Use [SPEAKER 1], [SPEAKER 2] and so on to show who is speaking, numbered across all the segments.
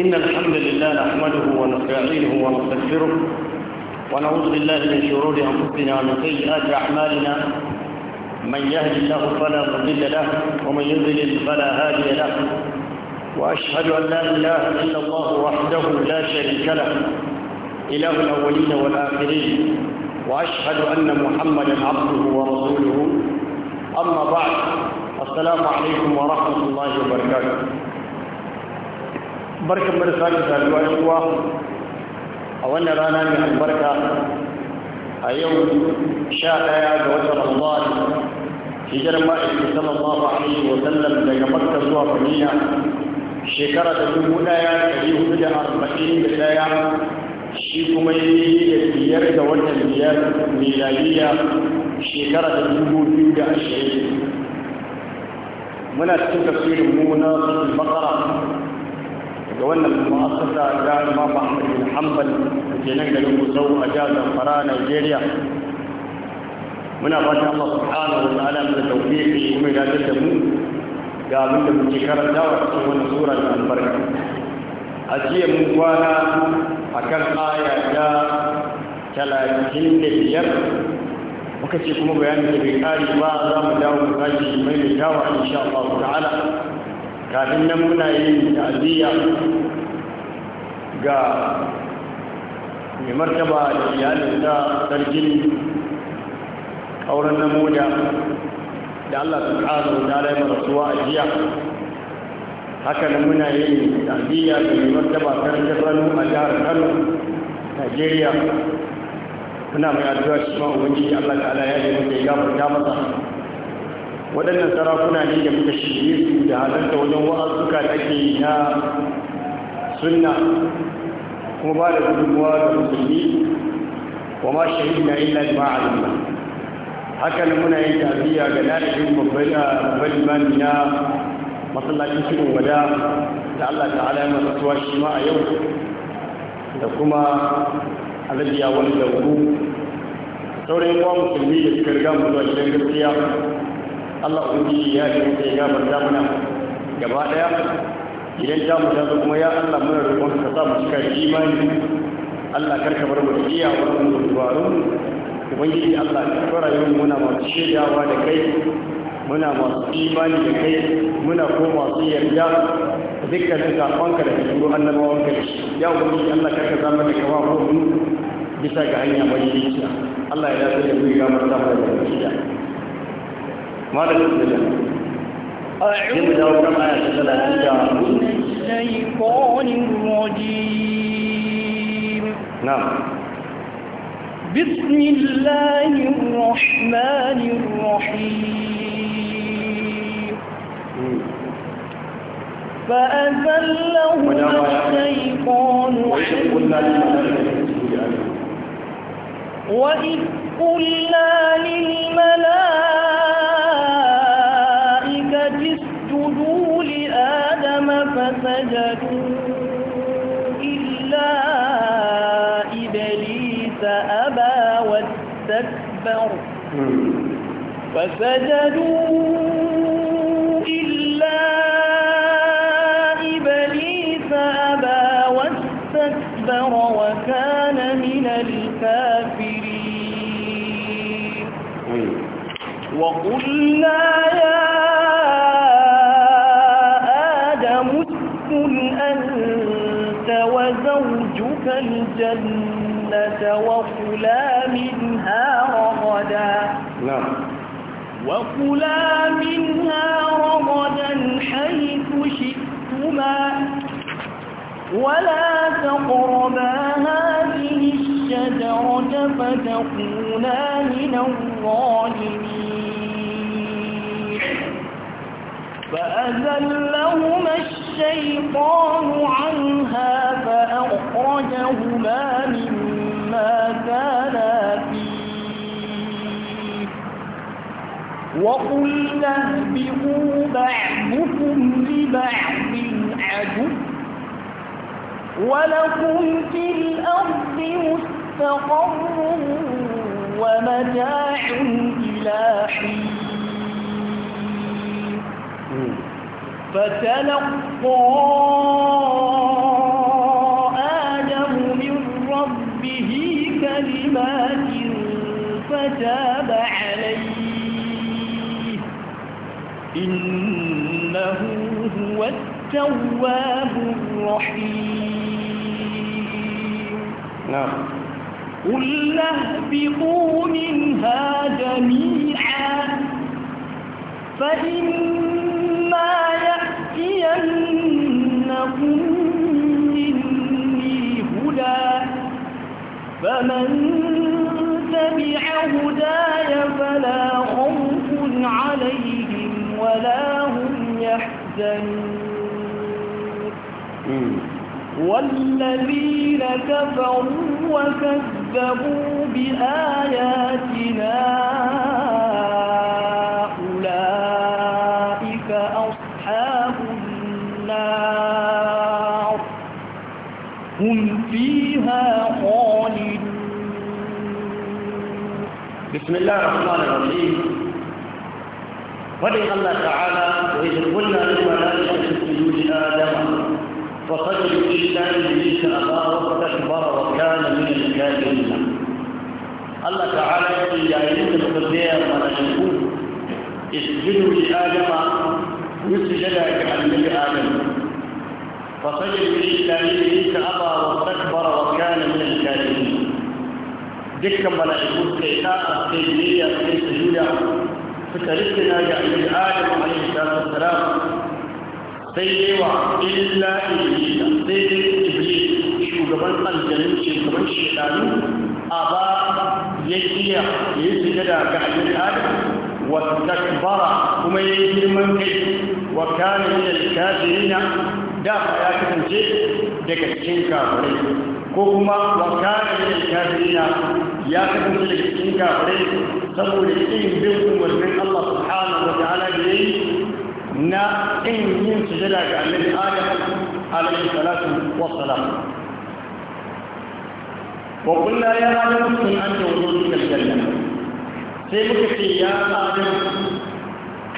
[SPEAKER 1] إن الحمد لله نحمده ونستعينه ونستغفره ونعوذ بالله من شرور أنفسنا ومن سيئات أعمالنا من يهد الله فلا مضل له ومن يضلل فلا هادي له وأشهد أن لا إله إلا الله وحده لا شريك له إله الأولين والآخرين وأشهد أن محمدا عبده ورسوله أما بعد السلام عليكم ورحمة الله وبركاته barkan mu da sake saduwa yan uwa a wannan rana mai albarka a yau sha ɗaya ga watan Ramadan hijirar ma'aikata sallallahu alaihi wa sallam daga Makka zuwa Madina shekara da dubu ɗaya ɗari hudu da arba'in da ɗaya shi kuma yi da biyar ga watan biyar miladiya shekara da dubu biyu da ashirin muna cikin tafsirin mu na bakara ga wannan ma'asasa ta Imam Ahmad bin Hanbal ke nan garin Gusau a jihar Zamfara Najeriya muna fatan Allah subhanahu wa ta'ala da kuma ya da mu ga abin da muke karantawa cikin wannan sura ta albarka a jiya mun kwana kan aya ta biyar muka ce kuma bayanin da bai kare ba za mu dawo mu kashi mai da dawa insha Allah ta'ala kafin nan muna yin ta'aziyya ga mai martaba da ta sarkin auren namoda da Allah subhanahu wa da ya rasuwa a jiya haka nan muna yin ta'aziyya ga mai martaba sarkin ranu a jihar Kano Najeriya muna mai addu'a shi ma ubangiji Allah ta'ala ya yi ya gafarta masa waɗannan sarakuna ne da muka shirye su da halarta wajen wa'azuka da ake yi na sunna kuma ba da gudunmuwa ga musulmi wa ma shahidna illa bi Haka hakan muna yin tafiya ga lalibin ah, babban limami na masallacin shirin wada da Allah ta'ala ya masu shi ma a yau da kuma alabiya wani da ku sauran yawan musulmi da suka riga mu zuwa gidan gaskiya Allah ubangiji ya ji mutum ya gafarta mana gaba daya idan ta mu tazo kuma ya Allah muna roƙon ka sa mu cika imani Allah kar ka bar mu iya wannan dubarun ubangiji Allah ka fara yau muna masu ba da kai muna masu imani da kai muna ko masu yarda dukkanin sakonka da cikin wanka da shi ya ubangiji Allah ka zama da kawa ko bisa ga hanya mai Allah ya dace da mu ga martaba da shi مالك أعوذ من الشيطان
[SPEAKER 2] الرجيم نعم بسم الله الرحمن الرحيم فأزلهما الشيطان وإذ قلنا للملائكة كفروا فسجدوا كلا منها رغدا حيث شئتما ولا تقربا هذه الشجرة فتكونا من الظالمين فأذلهما الشيطان عنها فأخرجهما مما كانا وقلنا اهبطوا بعضكم لبعض عدو ولكم في الأرض مستقر ومتاع إلى حين فتلقى إنه هو التواب الرحيم نعم قل اهبطوا منها جميعا فإما يأتينكم مني هدى فمن تبع هداي فلا خوف عليهم ولا الزنير والذين كفروا وكذبوا بآياتنا أولئك أصحاب النار هم فيها خالدون
[SPEAKER 1] بسم الله الرحمن الرحيم
[SPEAKER 3] ولي الله تعالى وإذ قلنا للملائكة اسجدوا
[SPEAKER 1] لآدم فسجدوا إلا إبليس أبى أكبر وكان من الكافرين الله تعالى يقول يا أيها ما ملائكة اسجدوا لآدم عن لعلم آدم فقد فسجد إلا إبليس أبى أكبر وكان من الكافرين ذكر ملائكة كيف أخذ لي في السجود suka na ga annabi a alaihi salatu wassalam sai dai wa illa iblis sai dai iblis shugaban aljanu shugaban shedanu a ba ya kiya ya yi sujada ga annabi wata wa takbara kuma ya yi girman kai wa kana min al-kafirina da ya kasance daga cikin kafirai ko kuma wa kana min al-kafirina ya kasance daga cikin kafirai saboda yin bin umarnin Allah subhanahu wa ta'ala da yayi na in yin sujada ga annabi Adam alaihi salatu wa salam wa qulna ya adam kun anta wudu ila janna sai muka ce ya adam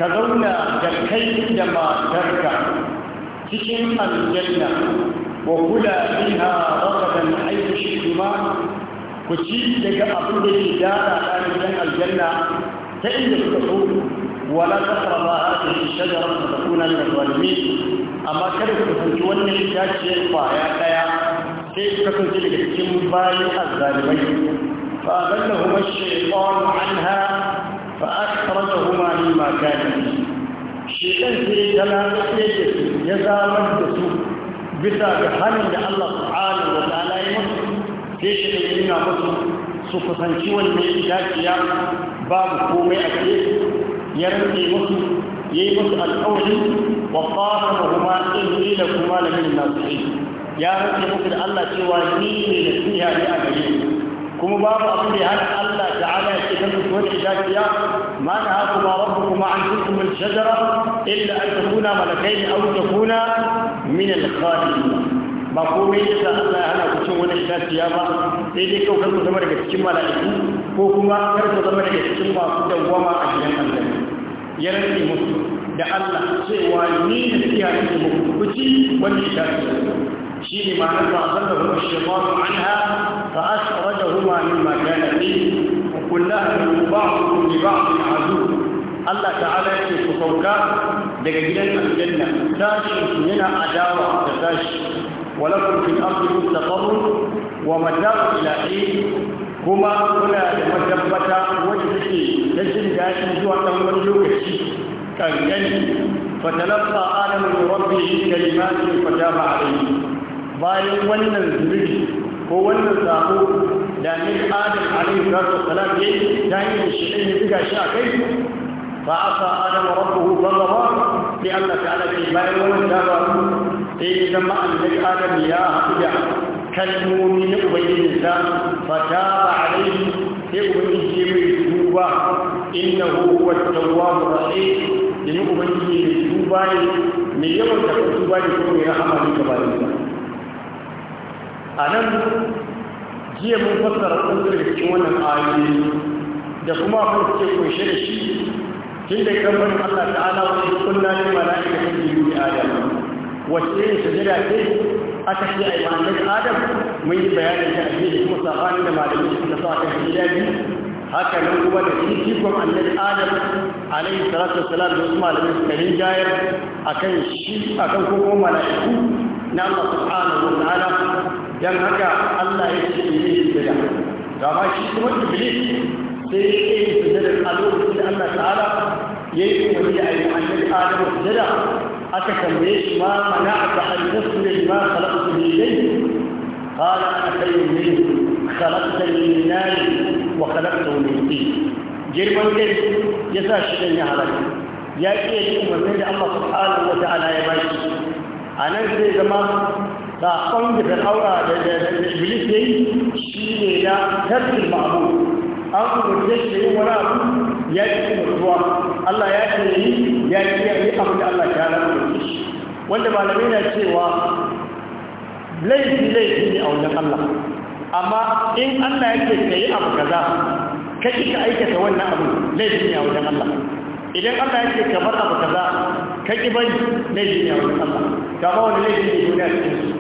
[SPEAKER 1] ka zauna da kai da matarka cikin aljanna wa kula biha rakadan haythu shi'tuma ku ci daga abin da ke gyara ɗalibin aljanna ta inda suka so wala ta karama a cikin shajarar da kuna da zalimi amma kada ku kusanci wannan itaciyar kwaya ɗaya sai ku kasance daga cikin bayan azzalimai fa zallahuma shaytanu anha fa akhrajahuma mimma ni fihi shekan sai ya lalace da su ya zamar da su bisa ga hannun da Allah subhanahu wa ta'ala sai shi ne nuna musu su kusanci wanda ya dakiya babu komai a ce ya rantse musu ya yi musu alƙawari wa fara da kuma ɗin da kuma da min nasihi ya rantse musu da Allah cewa ni ne da siya ne a gare kuma babu abin da ya hana Allah ta'ala ya ce kan su wani dakiya ما نهاكما ربكما عن تلكم الشجرة إلا أن تكونا ملكين أو تكونا من الخالدين ba komai ya sa Allah ya hana ku cin wani itaciya ba sai dai kawai kar ku zama daga cikin mala'iku ko kuma kar ku zama daga cikin masu dawwama a gidan Allah ya rantsi musu da Allah cewa ni da kiya ne muku ku ci wani itaciya shi ne ma'anar ba san da wani anha fa asrajahuma mimma kana fihi kullahum ba'dhum li ba'dhin adu Allah ta'ala yake ku sauka daga gidan aljanna tashi yana adawa da tashi ولكم في الأرض مستقر ومتاع إلى حين كما هنا لمجبة وجهه يجب داخل جوة من لوكش كان يلي يعني فتلقى آدم من ربه كلمات فتاب عليه باي ونن الزبير هو ونن الزاقو لأن آدم عليه الصلاة والسلام يلي دائما الشيء بقى شاكي فعصى آدم ربه فغضب لأن تعالى كلمات ونن الزاقو sai zama annabi adam ya haɗu da kalmomi na ubangijinsa fata ba a rai sai ubangiji mai duba inna huwa tawwabu rahim yana ubangiji mai duba ne mai yawan da duba ne kuma ya rahama ne gaba da a nan jiya mun fassara ƙungar da cikin wannan ayoyi da kuma abin da ke kunshe da shi tun da kan Allah ta'ala wani kunna ne mala'ika ta biyu da Adam wacce yin sujada ce aka ce a imanin adam mun yi bayanin ta ake da kuma safanin da malamai suka sa ta sujada biyu haka nan kuma da shi cikon annabi adam alaihi salatu wassalam da wasu malamai suka rinjayar akan shi akan kuma mala'iku na Allah subhanahu wa ta'ala dan haka Allah ya ce ne sujada ga ba shi kuma iblis sai ya yi sujada a lokacin da Allah ta'ala ya yi umarni a yi annabi adam sujada ليش ما منعت المسلم ما خلقت شيء؟ قال أتي منه خلقتني من نار وخلقته من الدين جيب من كيف يسا شكني على جيب يا إيه جيب الله سبحانه وتعالى يا بايش أنا زي زمان لا أقوم بفرعورة بإبليس شيء لا تبري المعبود an umarce shi da wani abu ya ci mutuwa Allah ya ce yi ya ci ya yi abu da Allah ta ala da shi wanda malamai na cewa laifi laifi ne a wajen Allah amma in Allah yake ka yi abu kaza ka ki ka aikata wannan abu laifi ne a wajen Allah idan Allah yake ka bar abu kaza ka ki bai laifi ne a wajen Allah ga ba wani laifi ne duniya cikin su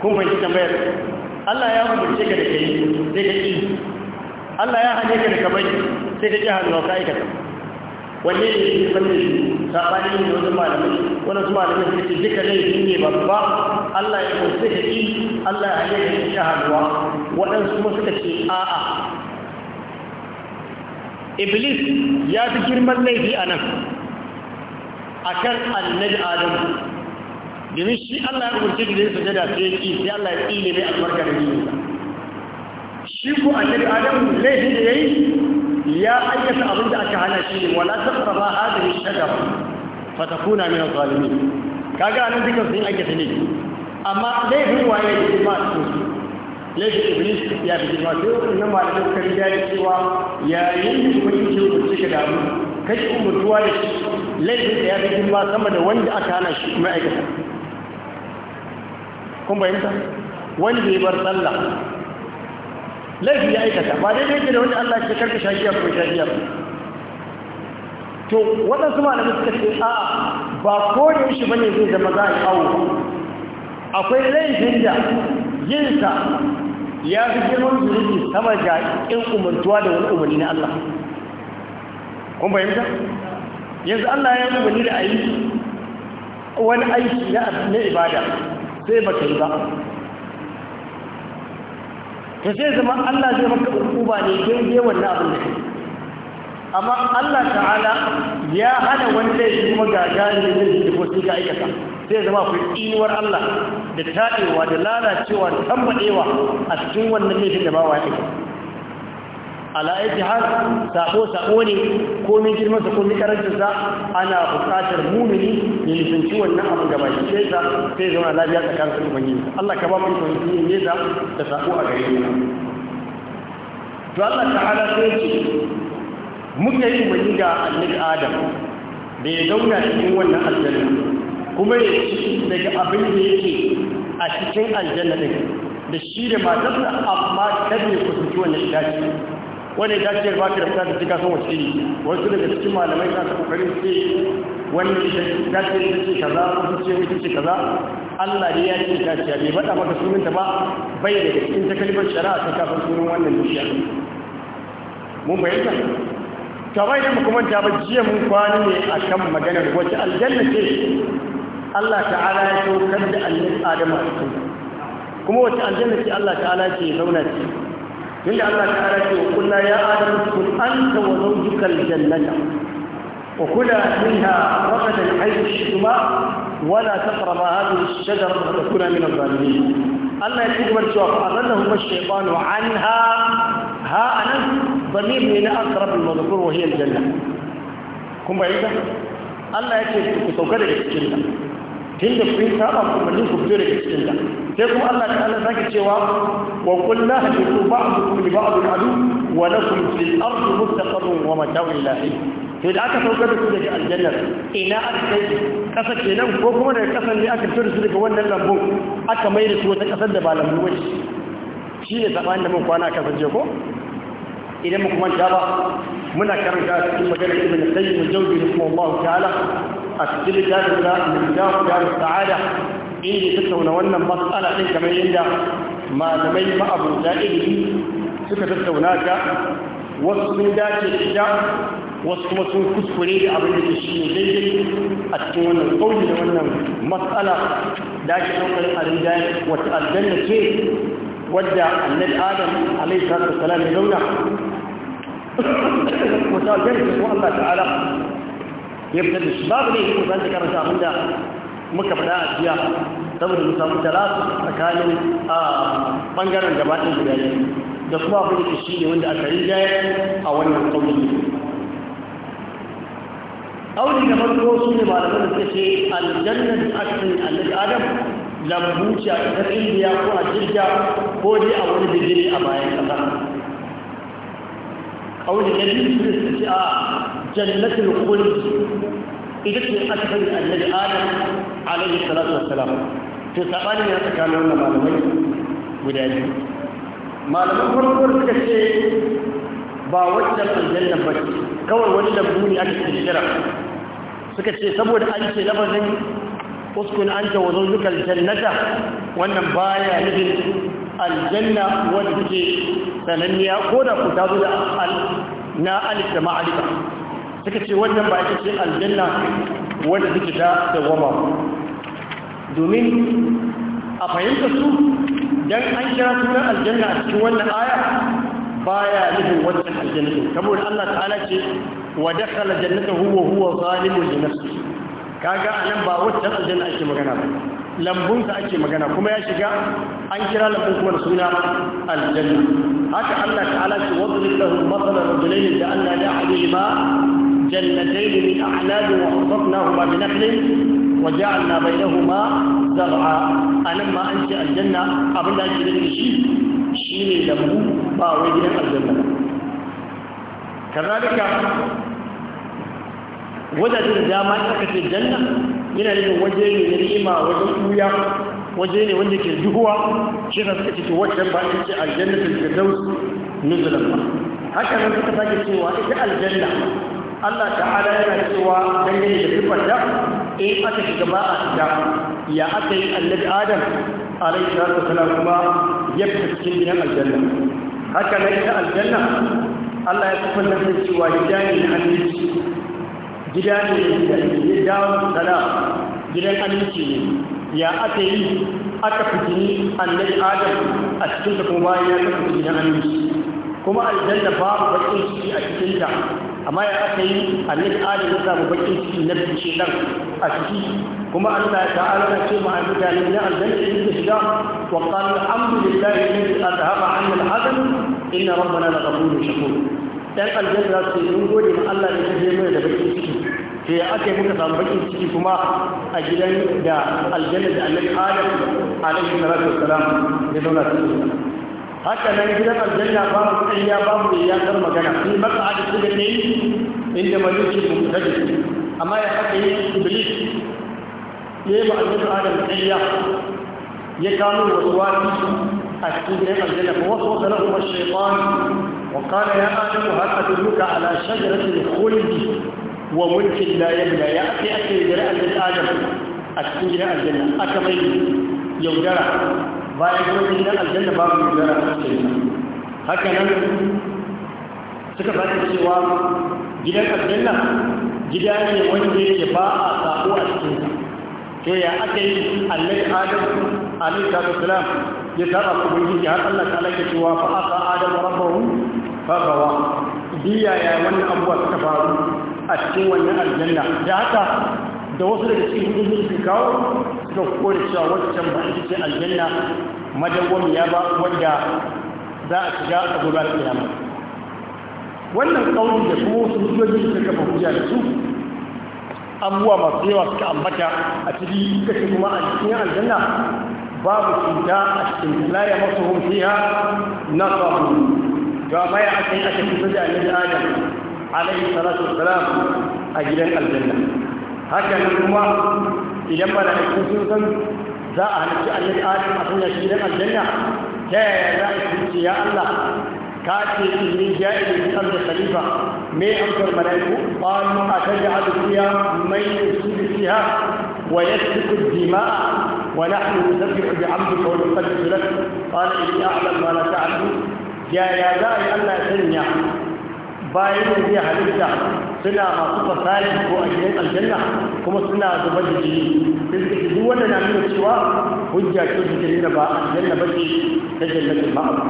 [SPEAKER 1] kun fahimci tambayar Allah ya umurce ka da kai sai ka ki Allah ya hane ka da ka bari sai ka ki hannu ka aikata wanne ne yake da shi sabani ne wajen malamai wani su malamai suka ce duka laifin ne babba Allah ya umurce ka ki Allah ya hane ka da ki hannuwa waɗansu kuma suka ce a'a Iblis ya fi girman laifi a nan a kan annabi Adamu domin shi Allah ya umarce shi da yin sajada sai ya ƙi sai Allah ya ƙile mai albarka da yin shi ko annabi adam laifin da ya yi ya aikata abin da aka hana shi ne wala taqraba hadhihi shajara fa takuna min adh-dhalimin kaga anan dukan sun aikata ne amma laifin waye ne ba su laifin iblis ya fi girma sai wasu nan malamai suka ya yi cewa yayin da kuma cikin kurci ka damu kashi umurtuwa da shi laifin da ya fi girma sama da wanda aka hana shi ma'aikata kun bayyanta da ya bar sallah laifi ya aikata ba dai yake da wani Allah ke karka shagiyar ko shagiyar to waɗansu malamai suka ce a ba ko da yaushe bane zai zama za a yi awo akwai laifin da yinsa ya fi girman zunubi sama da in umartuwa da wani umarni na Allah kun bayyanta yanzu Allah ya umarni da a yi wani aiki na ibada sai ba kai ba ta sai zama Allah zai maka ba ne yi wannan abin da
[SPEAKER 2] amma Allah ta'ala ya hana wanda ya kuma
[SPEAKER 1] gagarin da zai ko wasu ka aikata sai zama ku tsinuwar Allah da taɗewa da lalacewa da tambadewa a cikin wannan laifin da ba wa ya aikata ala har sako sako ne min girman sa komai karancin sa ana buƙatar mumini ne lisanci wannan abu da shi sai sa sai zama lafiya tsakanin su ubangiji Allah ka ba mu ikon yi ne da da sako a gare mu to Allah ta'ala sai ce muka yi umarni ga annabi Adam da ya zauna cikin wannan aljanna kuma ya ci daga abin da yake a cikin aljanna din da shi da matarsa amma kada ya kusanci wannan shi Wani ya dace ba ka da fata cika son wasu ne wasu daga cikin malamai za su kokari su ce wanda ya ta ce kaza wasu ce ita ce kaza Allah ne ya ce ta ce bai faɗa maka sunanta ba bai daga cikin takalibar shari'a ta kafin sunan wannan dukiya mun bayyana kamar da muka manta ba jiya mun kwana ne a kan maganar wacce aljanna ce Allah ta'ala ya saukar da annabi Adam a cikin kuma wacce aljanna ce Allah ta'ala ke zauna ce tunda Allah ta'ala ce kullu ya adam kun anta wa zawjuka al-jannata wa kula minha ragadan haythu shi'tuma wa la taqrabu hadhihi ash-shajara fa takuna min adh-dhalimin Allah ya kuma cewa fa adallahu ash-shaytanu anha ha anan ضمير من اقرب المذكور وهي الجنه كم بعيده الله يكتب كتوكل الجنه tun da kun saba umarnin ku fito daga cikin ta sai kuma Allah ta Allah sake cewa wa qul la hadu ba'dukum li ba'd adu wa lakum fil ardi mustaqarrun wa mata'un ila sai da aka saukar da su daga aljannar ina aka kai kasa kenan ko kuma daga kasan ne aka fito da su daga wannan lambun aka mai da su wata kasar da ba lambu wace shi ne sabanin da mun kwana kasance ko idan mu kuma ta ba muna karanta cikin maganar ibn sayyid al-jawzi rahimahullahu ta'ala a cikin littafin da mutum ya sa'ada inda ya tattauna wannan matsala ɗin kamar yadda malamai ma'abuta ilimi suka tattauna ta wasu sun dace ita wasu kuma sun kuskure da abin da shi ne daidai a cikin wannan kauli da wannan matsala da ake ɗaukar arinda wata aljanna ce wadda annabi adam alaihi salatu wasalam ya zauna wata aljanna ce kuma Allah ta'ala ya fitar da shi babu ne ko san ta karanta muka fada a jiya saboda mu samu talatu tsakanin a bangaren gabatin guda biyu da kuma abin da shi ne wanda aka yi jaya a wannan kauli kauli na farko su ne malaman da suke aljannar aksin annabi adam lambuci a ƙasar indiya ko a jirga ko dai a wani bigiri a bayan ƙasa قول النبي كريس جنة الخلد إذا كنت أكثر النبي آدم عليه الصلاة والسلام في سبعين من تكاملون معلومين ودادي معلومين فرقر ce ba waccan aljanna ba kawai wani lambu ne ake kirkira suka ce saboda an ce lafazin uskun an ta wazo zukar jannata wannan baya nufin aljanna wadda take sananniya ko da ku ta da al na alif da ma'alifa suka ce wannan ba ita ce aljanna wadda take ta dawama domin a fahimta su dan an kira su sunan aljanna a cikin wannan aya baya nufin wannan aljanna saboda Allah ta'ala ce wa dakhala jannatahu wa huwa zalimun li nafsihi kaga anan ba wannan aljanna ake magana ba lambunsa ake magana kuma ya shiga an kira lambun kuma da suna aljanna haka Allah ta'ala ce wadrib lahum mathalan rajulayn ja'alna li ahadihima jannatayn min a'nab wa hasabnahuma bi nakhlin wa ja'alna bainahuma zar'a anan ma an ce aljanna abinda ake nufi shi shine lambu ba wai gidan aljanna kazalika wajen dama aka ce janna yana nufin waje ne na ni'ima wajen ɓuya waje ne wanda ke duhuwa shi na suka ciki wajen ba ita ce aljannatul firdaus nuzulan ba haka nan suka sake cewa ita aljanna Allah ta'ala yana cewa dangane da sifar da in aka shiga ba a shiga ya aka yi annabi adam alaihi salatu wasalam kuma ya fita cikin gidan aljanna haka nan ita aljanna Allah ya sifar da cewa gida ne na annabi gida ne da ya dawo salam gidan aminci ne ya aka yi aka fitini annabi adam a cikin ta kuma bayan ya kafa gidan aminci kuma aljanna babu bakin ciki a cikin ta amma ya aka yi annabi adam ya samu bakin ciki na bice dan a ciki kuma Allah ya ta'ala ya ce ma mutane na aljanna in ka shiga wa qala alhamdulillahi alladhi azhaba 'anna al-hazan inna rabbana laghafurun shakur ɗan aljanna za su ce mun gode ma Allah da ya mana da bakin ciki to ya aka muka samu bakin ciki kuma a gidan da aljanna da annabi Adam alaihi salatu wassalam ya zauna cikin haka nan gidan aljanna babu tsayya babu ya kar magana ni maka a cikin da ne inda maliki mutadi amma ya haka yi iblis ya yi ma'aikata adam tsayya ya kano wasu wani a cikin gidan aljanna ko wasu wasu na kuma shaitan وقال يا آدم هل أدلك على شجرة الخلد وملك لا يبلى يأتي أتي جراء للآدم أتي جراء الجنة أكمل يوجرى بايقون إلى الجنة باب يوجرى هكذا سكفت السوام gidan aljanna gida ne wanda yake ba a sako a cikinsa to ya aka yi allai adam alaihi salam ya saba ubangiji har Allah ta alaka cewa fa aka adam rabbahu bagawa biyaya wani abuwa suka faru a cikin wannan aljanna da haka da wasu daga cikin hujjoji su kawo suka kore cewa wancan ba ita ce aljanna ya ba wadda za a shiga a gobe kiyama wannan kauli da kuma wasu hujjoji suka kafa hujja da su abuwa masu yawa suka ambata a cikin kashi kuma a cikin aljanna babu cuta a cikin layar masu hun na sabu وبيع سيئة الفزع من آدم عليه الصلاة والسلام أجل الجنة هكذا الأمة إذا ما لم يكن ذا أهل الشأن الآدم أخونا شيئا الجنة كي لا يكون يا الله كاتي إذن جائد من خليفة مي أنكر ملائكو قالوا أتجعل فيها من يسود فيها ويسفك الدماء ونحن نسبح بحمدك ونقدس لك قال إني أعلم ما لا تعلم yaya za a yi allah sanya bayan da zai halitta suna masu fasari ko a gidan aljanna kuma suna zubar da jini sun tafi duk wanda na nuna cewa hujja ce da jini da ba aljanna ba ce ta jannatin ma'abu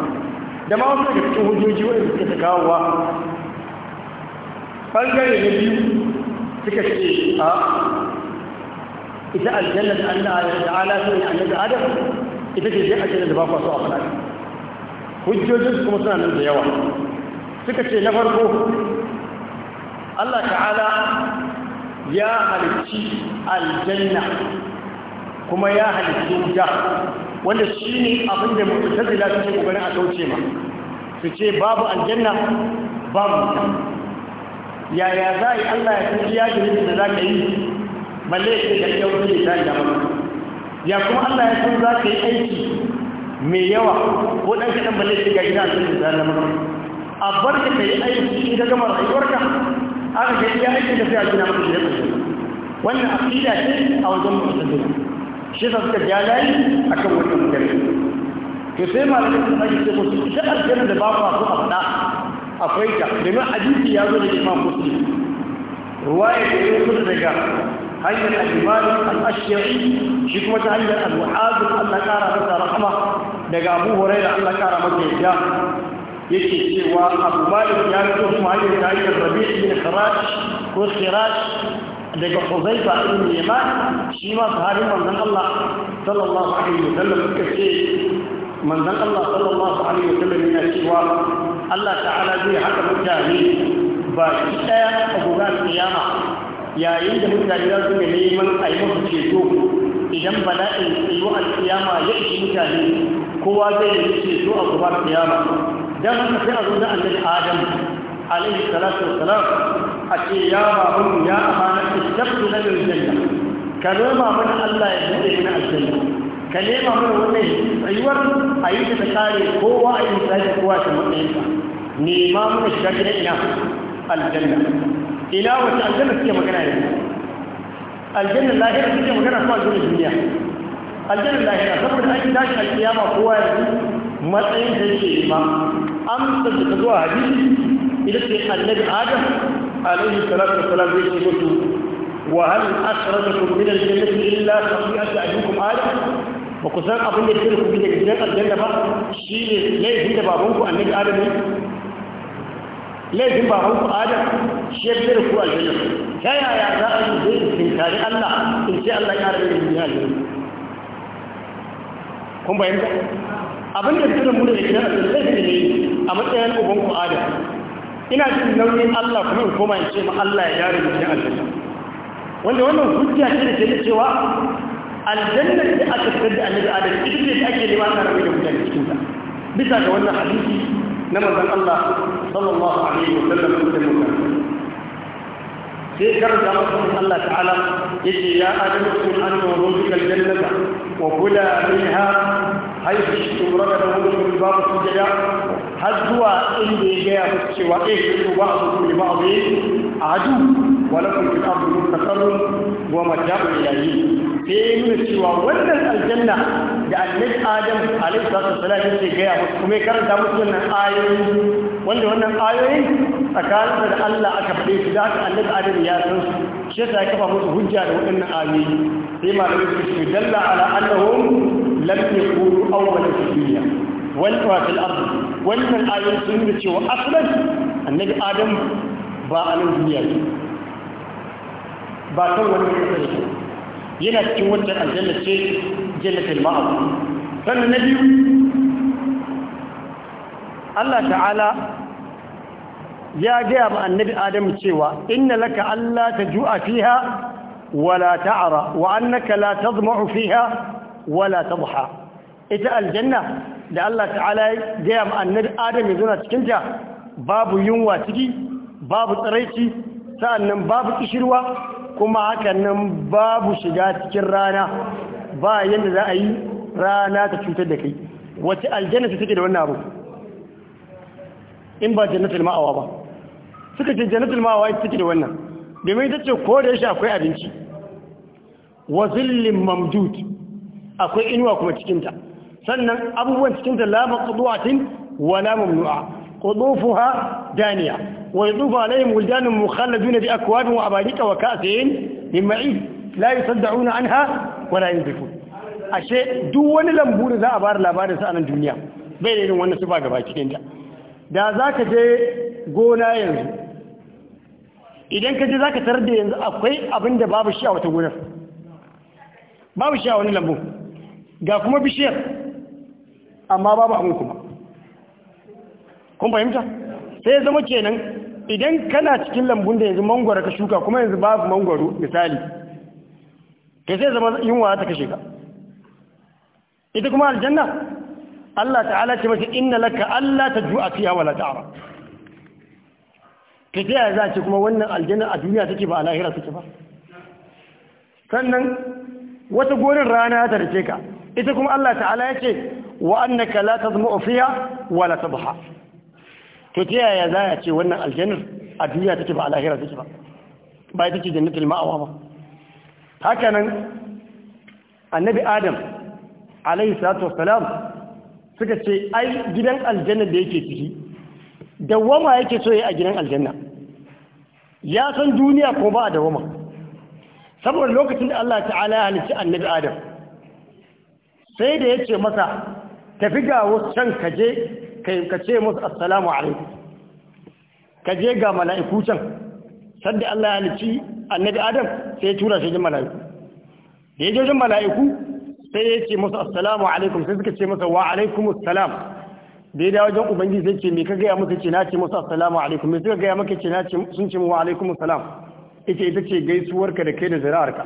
[SPEAKER 1] da ma wasu daga cikin hujjoji wanda suka ta kawowa ɓangare na biyu suka ce a ita aljanna da allah ya ta'ala sun yi annabi adam ita ce zai aljanna da ba kwaso a faɗa hujjojinsu kuma suna nan da yawa suka ce na farko Allah ta'ala ya halicci aljanna kuma ya halicci wuta wanda shi ne abin da abinda mutazila suke kokarin a kauce ma su ce babu aljanna babu wuta yaya za a yi Allah ya kuma ya gini da za ka yi balle ya ce da ya wuce ya ta ya kuma Allah ya kuma za ka yi aiki mai yawa ko ɗan kaɗan balle shi ga gida a cikin zama ba? a bar ka ka yi aiki in ka gama rayuwarka aka ga iya aiki da sai a gina maka gida ƙarshe wannan aƙida ce a wajen musulmi shi sa suka ja layi a kan wannan mutum ke sai malamin sun ake sai musu ita aljanna da ba ku a faɗa a ta domin jiki ya zo da imam muslim ruwaya da ya zo daga hanyar al-imani al-ashiyari shi kuma ta hanyar al-wa'azu Allah kara masa rahama daga Abu Hurairah Allah kara masa yadda yake cewa Abu Malik ya fito kuma hanyar ta hanyar Rabi' ibn Khiraj ko Khiraj daga Huzaifa ibn Yaman shi ma sahabin manzon Allah sallallahu alaihi wasallam suka ce manzon Allah sallallahu alaihi wasallam yana cewa Allah ta'ala zai haɗa mutane ba shi ɗaya a gudanar kiyama yayin da mutane za su neman a yi musu ceto idan bala'in tsayuwa alkiyama ya ishi mutane kowa zai yi ceto a gobe alkiyama dan haka sai a zo da annabi adam alaihi salatu a ce ya babu ya amana istabtu na min janna ka noma mana Allah ya bude mana aljanna ka nema mana wannan tsayuwar a yi ta kare kowa a yi ta kowa ta matsayinsa nema mana shiga gidan ina aljanna ila wata aljanna suke magana da aljanna lahira suke magana ko aljanna duniya aljanna lahira saboda an tashi alkiyama kowa ya ji matsayin da yake ma amsa da zuwa hadisi ita ce annabi adam alaihi salatu wassalam zai ce mutu wa hal akhrajakum min aljannati illa khati'at ajukum adam ba ku san abin da ke da ku bi da gidan aljanna ba shi ne laifin da babanku annabi adam ne laifin baban ku adam shi ya fi da ku aljanna ta yaya za a yi zai tinkari Allah in ce Allah ya rabe da duniya aljanna kun bayan bayyana abin da suka mu da kira da laifin ne a matsayin uban ku adam ina jin nauyin Allah kuma in koma in ce ma Allah ya rabe da duniya aljanna wanda wannan hujja ce da ke cewa aljanna da aka fitar da annabi adam ita ce ake nema ta rabe da mutane cikin ta bisa ga wannan hadisi na manzon Allah صلى الله عليه وسلم يتمنى ذكر ربكم الله تعالى إذ يا آدم اسكن أنت وزوجك الجنة وكلا منها حيث شئتم رغدا وكلوا من باب السجدة هل هو إن جاء في السواقين بعضكم لبعض عدو ولكم في الأرض مستقر ومتاع إلى حين sai nuna cewa wannan aljanna da annabi adam alaihi salatu wasalam yake gaya musu kuma ya karanta musu wannan ayoyi wanda wannan ayoyin tsakanin da Allah aka faɗe su da aka annabi ya san su kafa hujja da waɗannan ayoyi sai malamai su ce dalla ala annahum lam yakunu awwal dunya wannan ayoyin sun cewa annabi adam ba a nan ba kan wani ya sani ko yana cikin wancan aljanna ce jannatul ma'ab sannan na biyu
[SPEAKER 2] Allah ta'ala
[SPEAKER 1] ya gaya ma annabi Adam cewa inna laka alla tajua fiha wala ta'ara wa annaka la tadma'u fiha wala tadha ita aljanna da Allah ta'ala ya gaya ma annabi Adam ya zauna cikin ta babu yunwa ciki babu tsaraici sa'annan babu kishirwa kuma hakan nan babu shiga cikin rana ba yadda za a yi rana ta cutar da kai wace aljanna take da wannan abu in ba jannatul ma'awa ba suka ce jannatul ma'awa ita take da wannan domin ita ce ko da yashi akwai abinci wa zillin mamdud akwai inuwa kuma cikin ta sannan abubuwan cikin ta la maqdu'atin wa la mamnu'a qudufuha دانية ويطوف عليهم ولدان مخلدون بأكواب وأباريك وكأسين من معين لا يصدعون عنها ولا ينزفون ashe duk wani lambu da za a bada labarin sa a nan duniya bai da irin wannan su ba gaba idan ka je za ka tarar da yanzu akwai abin da babu shi a wata gonar babu shi a wani lambu ga kuma bishiyar amma babu abin kuma kun fahimta sai ya zama kenan idan kana cikin lambun da yanzu mangwaro ka shuka kuma yanzu babu mangwaro misali ka sai zama yunwa ta kashe ka ita kuma aljanna Allah ta'ala ce mace inna laka Allah ta ju'a fiya wala ta'ara ka sai ya zace ce kuma wannan aljanna a duniya take ba a lahira take ba sannan wata gorin rana ta rike ka ita kuma Allah ta'ala ya ce wa annaka la tazma'u fiha wala tabha to ta yaya za a ce wannan aljanar a duniya take ba a lahira take ba ba ita jannatul ma'awa ba haka nan annabi adam alaihi salatu wassalam suka ce ai gidan aljanna da yake ciki dawwama yake so ya a gidan aljanna ya san duniya ko ba a dawwama saboda lokacin da Allah ta'ala ya halicci annabi adam sai da ya ce masa tafi ga wasu can je. ka ce musu assalamu alaikum ka je ga mala'iku can sadda Allah ya halici annabi Adam sai ya tura shi jin mala'iku da ya jojin mala'iku sai ya ce musu assalamu alaikum sai suka ce masa wa alaikum assalam da ya dawo jan sai ce me ka gaya musu ce na ce musu assalamu alaikum me suka gaya maka ce na ce sun ce wa alaikum assalam ita ita ce gaisuwarka da kai da zira'arka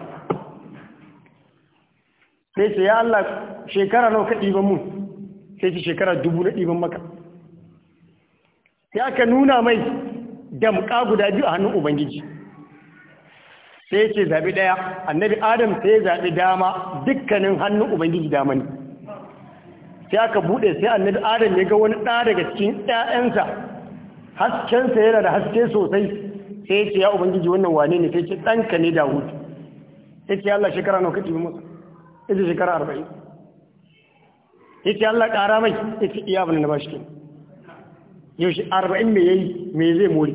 [SPEAKER 1] sai ce ya Allah shekara nawa ka ɗiban mun? sai ce shekara dubu na ɗiban maka ya ka nuna mai damƙa guda biyu a hannun ubangiji sai ce zaɓi ɗaya annabi adam sai zaɓi dama dukkanin hannun ubangiji dama ne sai aka buɗe sai annabi adam ya ga wani ɗa daga cikin ɗayansa haskensa yana da haske sosai sai ce ya ubangiji wannan wane ne sai ce ɗanka ne da hutu sai ce Allah shekara nawa kake masa ita shekara arba'in ya ce Allah ƙara mai ya ce iya abin da ba shi ke yaushe arba'in mai yayi mai zai mori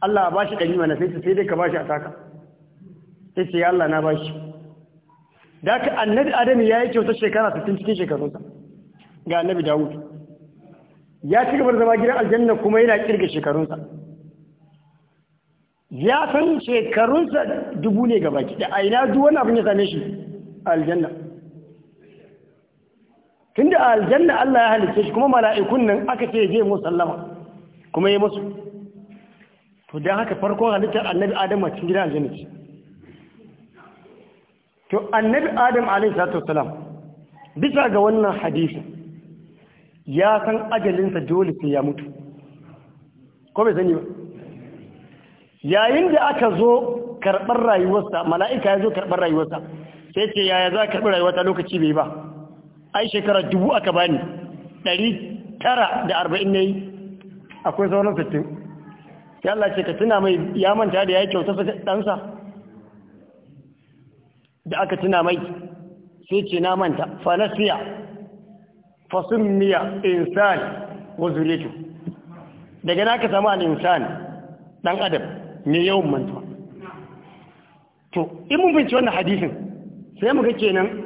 [SPEAKER 1] Allah ba shi ɗari mana sai sai dai ka ba shi a taka ya ce ya Allah na ba shi da ka annabi adam ya yi kyauta shekara 60 cikin shekarunsa ga annabi dawud ya ci gaba zama gidan aljanna kuma yana kirga shekarunsa ya san shekarunsa dubu ne gaba ki da aina duk wani abin ya same shi aljanna tun a aljanna Allah ya halicce shi kuma mala'ikun nan aka ce je musu sallama kuma yi musu to don haka farkon halittar annabi adam a cikin gidan aljanna ce to annabi adam alaihi salatu bisa ga wannan hadisi ya san ajalinsa dole sai ya mutu ko bai sani ba yayin da aka zo karɓar rayuwarsa mala'ika ya zo karɓar rayuwarsa sai ce yaya za a karɓi rayuwarsa lokaci bai ba ai shekarar dubu aka bani ɗari tara da arba'in na akwai sauran sittin ya Allah ce ka tuna mai ya manta da ya yi kyauta ɗansa da aka tuna mai sai ce na manta fanasiya fasunniya insan wa daga na ka sami al'insan ɗan adam ne yawan mantuwa to in mun binci wannan hadisin sai muka kenan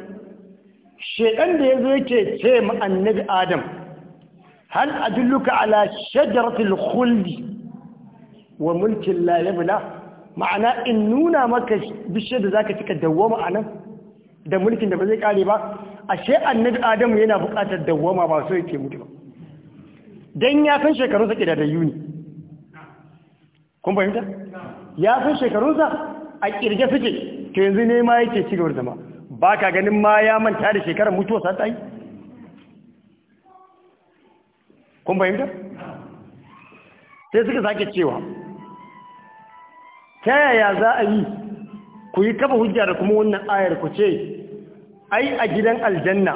[SPEAKER 1] shedan da yazo yake ce mu annabi adam hal adulluka ala shajaratil khuldi wa mulkin la ma'ana in nuna maka bishiyar da zaka cika dawwama anan da mulkin da ba zai kare ba ashe annabi adam yana buƙatar dawwama ba so yake mutu ba dan ya san shekarunsa kidadayyu ne kun fahimta ya san shekarunsa a kirge suke to yanzu ne ma yake cigaba da zama ba ka ganin ma ya manta da shekarar mutuwa sa ta yi kun fahimta sai suka sake cewa ta yaya za a yi ku yi kafa hujja da kuma wannan ayar ku ce ai a gidan aljanna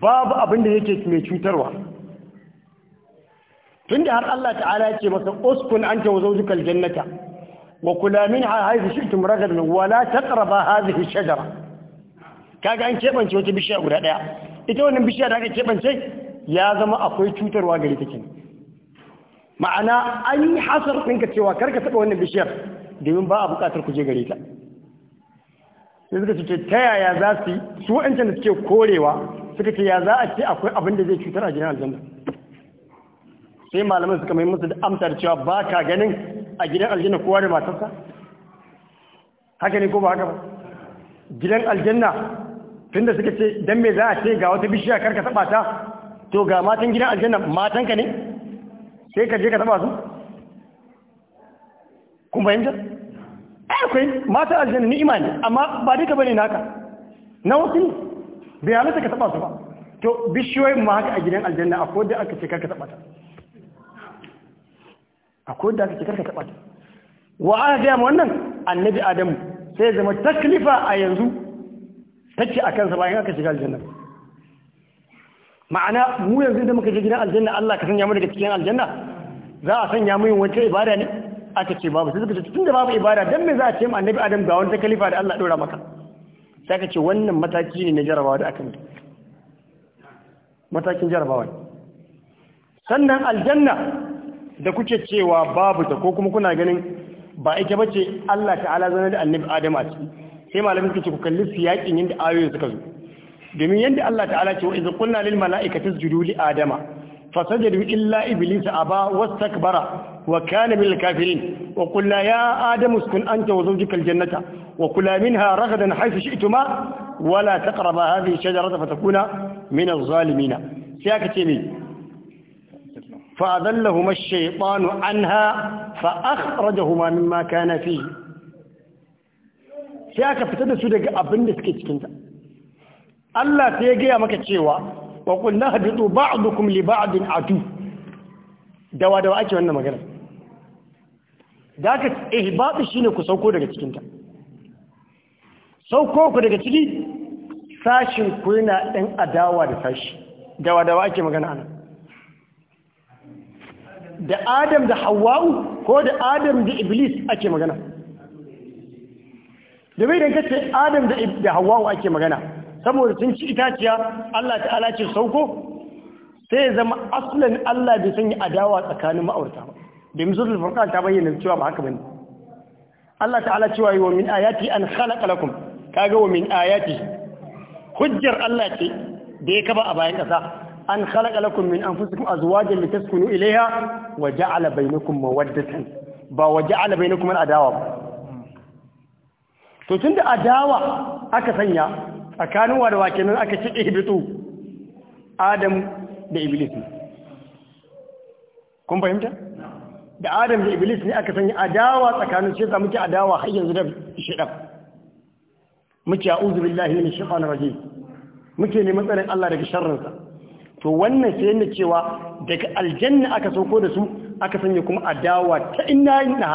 [SPEAKER 1] babu abin da yake mai cutarwa tunda har Allah ta'ala ya ce masa uskun jannata, wa zawjukal jannata وكلا منها حيث شئتم ta ولا تقربا هذه الشجرة kaga an kebance wata bishiya guda ɗaya ita wannan bishiya da aka keɓance ya zama akwai cutarwa gari take ma'ana an yi hasar ɗinka cewa karka taɓa wannan bishiyar domin ba a buƙatar ku je gare ta sai suka ce ta yaya za su su waɗancan da suke korewa suka ce ya za a ce akwai abin da zai cutar a gidan aljanna sai malaman suka mai musu da amsar cewa ba ka ganin a gidan aljanna kowa da matarsa haka ne ko ba haka ba gidan aljanna tunda suka ce don me za a ce ga wata bishiya karka taba ta to ga matan gidan aljanna matan ka ne sai ka je ka taba su kun bayanta ai akwai matan aljanna ni imani amma ba duka bane naka na wasu ne bai halatta ka taba su ba to bishiyoyin ma haka a gidan aljanna akwai da aka ce karka taba ta akwai da aka ce karka taba ta wa aka ga wannan annabi adamu sai zama taklifa a yanzu tacce a kansa bayan aka shiga aljanna ma'ana mu yanzu da muka je gidan aljanna Allah ka sanya mu daga cikin aljanna za a sanya mu yin wata ibada ne aka ce babu sai suka ce tunda babu ibada dan me za a ce mu annabi adam ga wani kalifa da Allah dora maka sai ka ce wannan mataki ne na jarabawa da aka yi matakin jarabawa sannan aljanna da kuke cewa babu ta ko kuma kuna ganin ba ita bace Allah ta'ala zanar da annabi adam a ciki sai malamin suka ce ku kalli siyakin yadda ayoyin suka zo domin yadda Allah ta'ala ce wa idh qulna lil mala'ikati isjudu li adama fasajadu illa iblis aba wastakbara wa kana minal kafirin wa qulna ya adamu uskun anta wa zawjukal jannata wa kula minha ragadan haythu shi'tuma wa la taqraba hadhihi shajarata fatakuna min adh-dhalimin sai aka ce me fa adallahuma ash-shaytanu anha fa akhrajahuma mimma kana fihi sai aka fita da su daga abin da suke cikinta Allah sai ya gaya maka cewa wa kunna hadu ba'dukum li ba'din atu dawa dawa ake wannan magana da aka ihbatu shine ku sauko daga cikinta sauko ku daga ciki sashin ku yana dan adawa da sashi dawa dawa ake magana anan da Adam da Hawwa'u ko da Adam da Iblis ake magana da idan ka ce adam da hawawa ake magana saboda sun ci itaciya Allah ta'ala ce sauko sai ya zama aslan Allah bai sanya adawa tsakanin ma'aurata ba domin suratul furqan ta bayyana cewa ba haka bane Allah ta'ala cewa wa min ayati an khalaqa lakum kaga wa min ayati hujjar Allah ce da ya kaba a bayan kasa an khalaqa lakum min anfusikum azwajan litaskunu ilayha wa ja'ala bainakum mawaddatan ba wa ja'ala bainakum adawa ba to da adawa aka sanya tsakanin wa da kenan aka ci ibitu adam da iblis ne kun fahimta da adam da iblis ne aka sanya adawa tsakanin shi yasa muke adawa har yanzu da shidan muke a'udhu billahi minash shaitanir rajim muke neman tsarin Allah daga sharrinsa to wannan sai yana cewa daga aljanna aka sauko da su aka sanya kuma adawa ta inna inna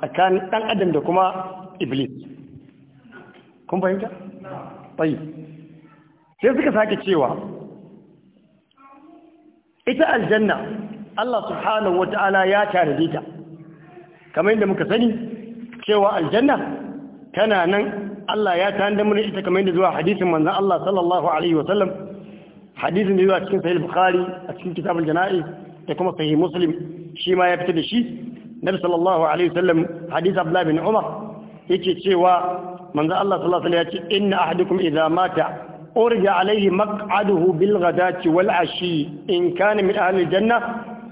[SPEAKER 1] tsakanin dan adam da kuma iblis kun fahimta? tsayi sai suka sake cewa ita aljanna Allah subhanahu wa wata'ala ya tanade ta kamar yadda muka sani cewa aljanna tana nan Allah ya tanade mana ita kamar yadda zuwa hadisin manzon Allah sallallahu alaihi wa sallam hadisin da zuwa cikin sahih bukhari a cikin kitabul janaiz da kuma sahih muslim shi ma ya fita da shi nabi sallallahu alaihi wa sallam hadis abdullah bin umar yake cewa manzo Allah sallallahu alaihi wasallam ya ce inna ahadukum idza mata urja alayhi maq'aduhu bil ghadati wal ashi in kana min ahli janna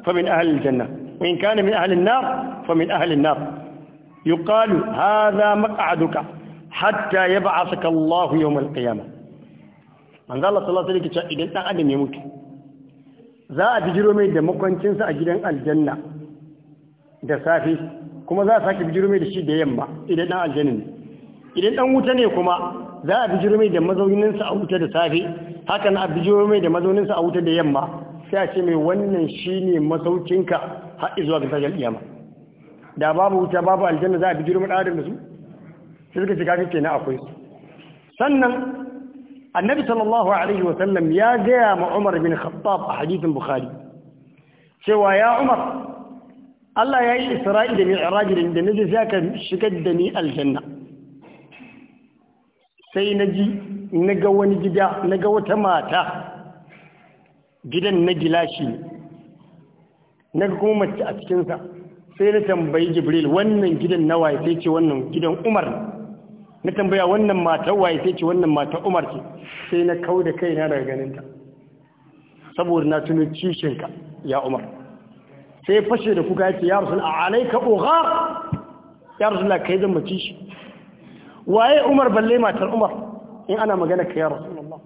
[SPEAKER 1] fa min ahli janna wa in kana min ahli an-nar fa min ahli an-nar yuqalu hadha maq'aduka hatta yab'athaka Allah yawm al-qiyamah manzo Allah sallallahu alaihi wasallam idan dan adam ya mutu za a bijiro mai da makwancinsa a gidan aljanna da safe kuma za a sake bijiro mai da shi da yamma idan dan aljanna ne idan dan wuta ne kuma za a bijiro mai da mazauninsa a wuta da safe hakan a bijiro mai da mazauninsa a wuta da yamma sai a ce mai wannan shine masaukinka har zuwa ga sajal iyama da babu wuta babu aljanna za a bijiro mai da su sai suka ce kafi kenan akwai sannan annabi sallallahu alaihi wa sallam ya gaya ma Umar bin Khattab a hadithin Bukhari cewa ya Umar Allah ya yi Isra'i da Mi'raj da naje sai ka shigar da ni aljanna sai na ji na ga wani gida na ga wata mata gidan na gilashi na ga kuma mace a cikinsa sai na tambayi jibril wannan gidan na waye sai ce wannan gidan umar na tambaya wannan mata waye sai ce wannan mata umar ce sai na kau da kaina daga ganinta saboda na tuno cishinka ya umar sai fashe da kuka ya ce ya rasu a alaika ughar ya na kai zan mace waye Umar balle matar Umar in ana magana ka ya Rasulullah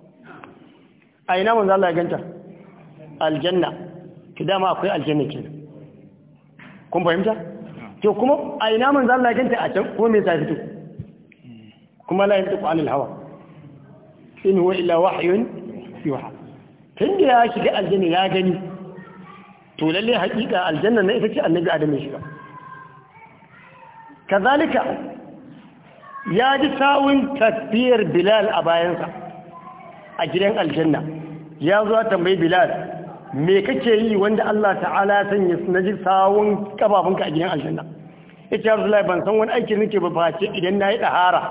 [SPEAKER 1] a ina manzo Allah ya ganta aljanna ki akwai aljanna kenan kun fahimta to kuma a ina manzo Allah ya ganta a can kuma me yasa fito kuma la yantiqu anil hawa in huwa illa wahyun yuha tun da ya shiga aljanna ya gani to lalle hakika aljanna ne ita ce annabi Adam ya shiga kazalika ya ji sawun tafiyar bilal a bayansa a gidan aljanna ya zo tambayi bilal me kake yi wanda Allah ta'ala sanya na ji sawun kafafunka a gidan aljanna ita ya rasu ban san wani aikin nake ba ce idan na yi ɗahara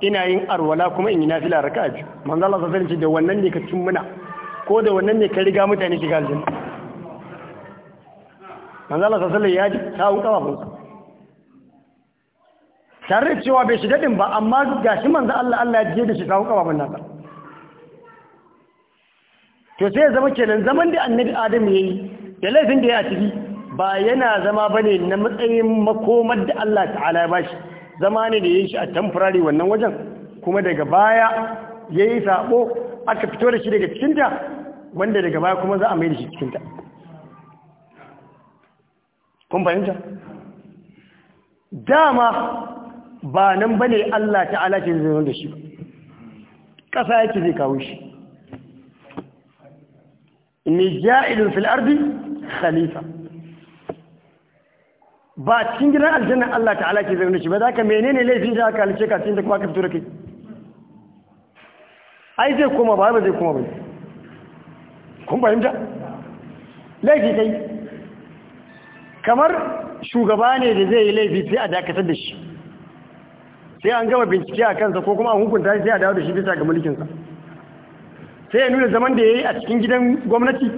[SPEAKER 1] ina yin arwala kuma in yi na fila raka a biyu manzo Allah ce da wannan ne ka cimmuna ko da wannan ne ka riga mutane shiga aljanna manzo Allah sallallahu ya ji sawun kafafunka. tare da cewa bai shiga din ba amma ga shi manzo Allah Allah ya je da shi kawo kababan nasa to sai ya zama kenan zaman da annabi Adam yayi da laifin da ya ciki ba yana zama bane na matsayin makomar da Allah ta'ala ya bashi zama ne da yi shi a temporary wannan wajen kuma daga baya yayi sabo aka fito da shi daga cikin ta wanda daga baya kuma za a mai da shi cikin ta kun fahimta dama ba nan ba ne Allah ta'ala ce zai da shi ƙasa yake zai kawo shi ni ja'ilun fil ardi khalifa ba cikin gidan aljanna Allah ta'ala ke zai da shi ba za ka ne laifin da aka halice ka cikin da kuma ka fito da kai ai zai koma ba ba zai koma ba kun fahimta laifi kai kamar shugaba ne da zai yi laifi sai a dakatar da shi sai an gama bincike a kansa ko kuma an hukunta shi sai a dawo da shi bisa ga mulkinsa sai ya nuna zaman da ya yi a cikin gidan gwamnati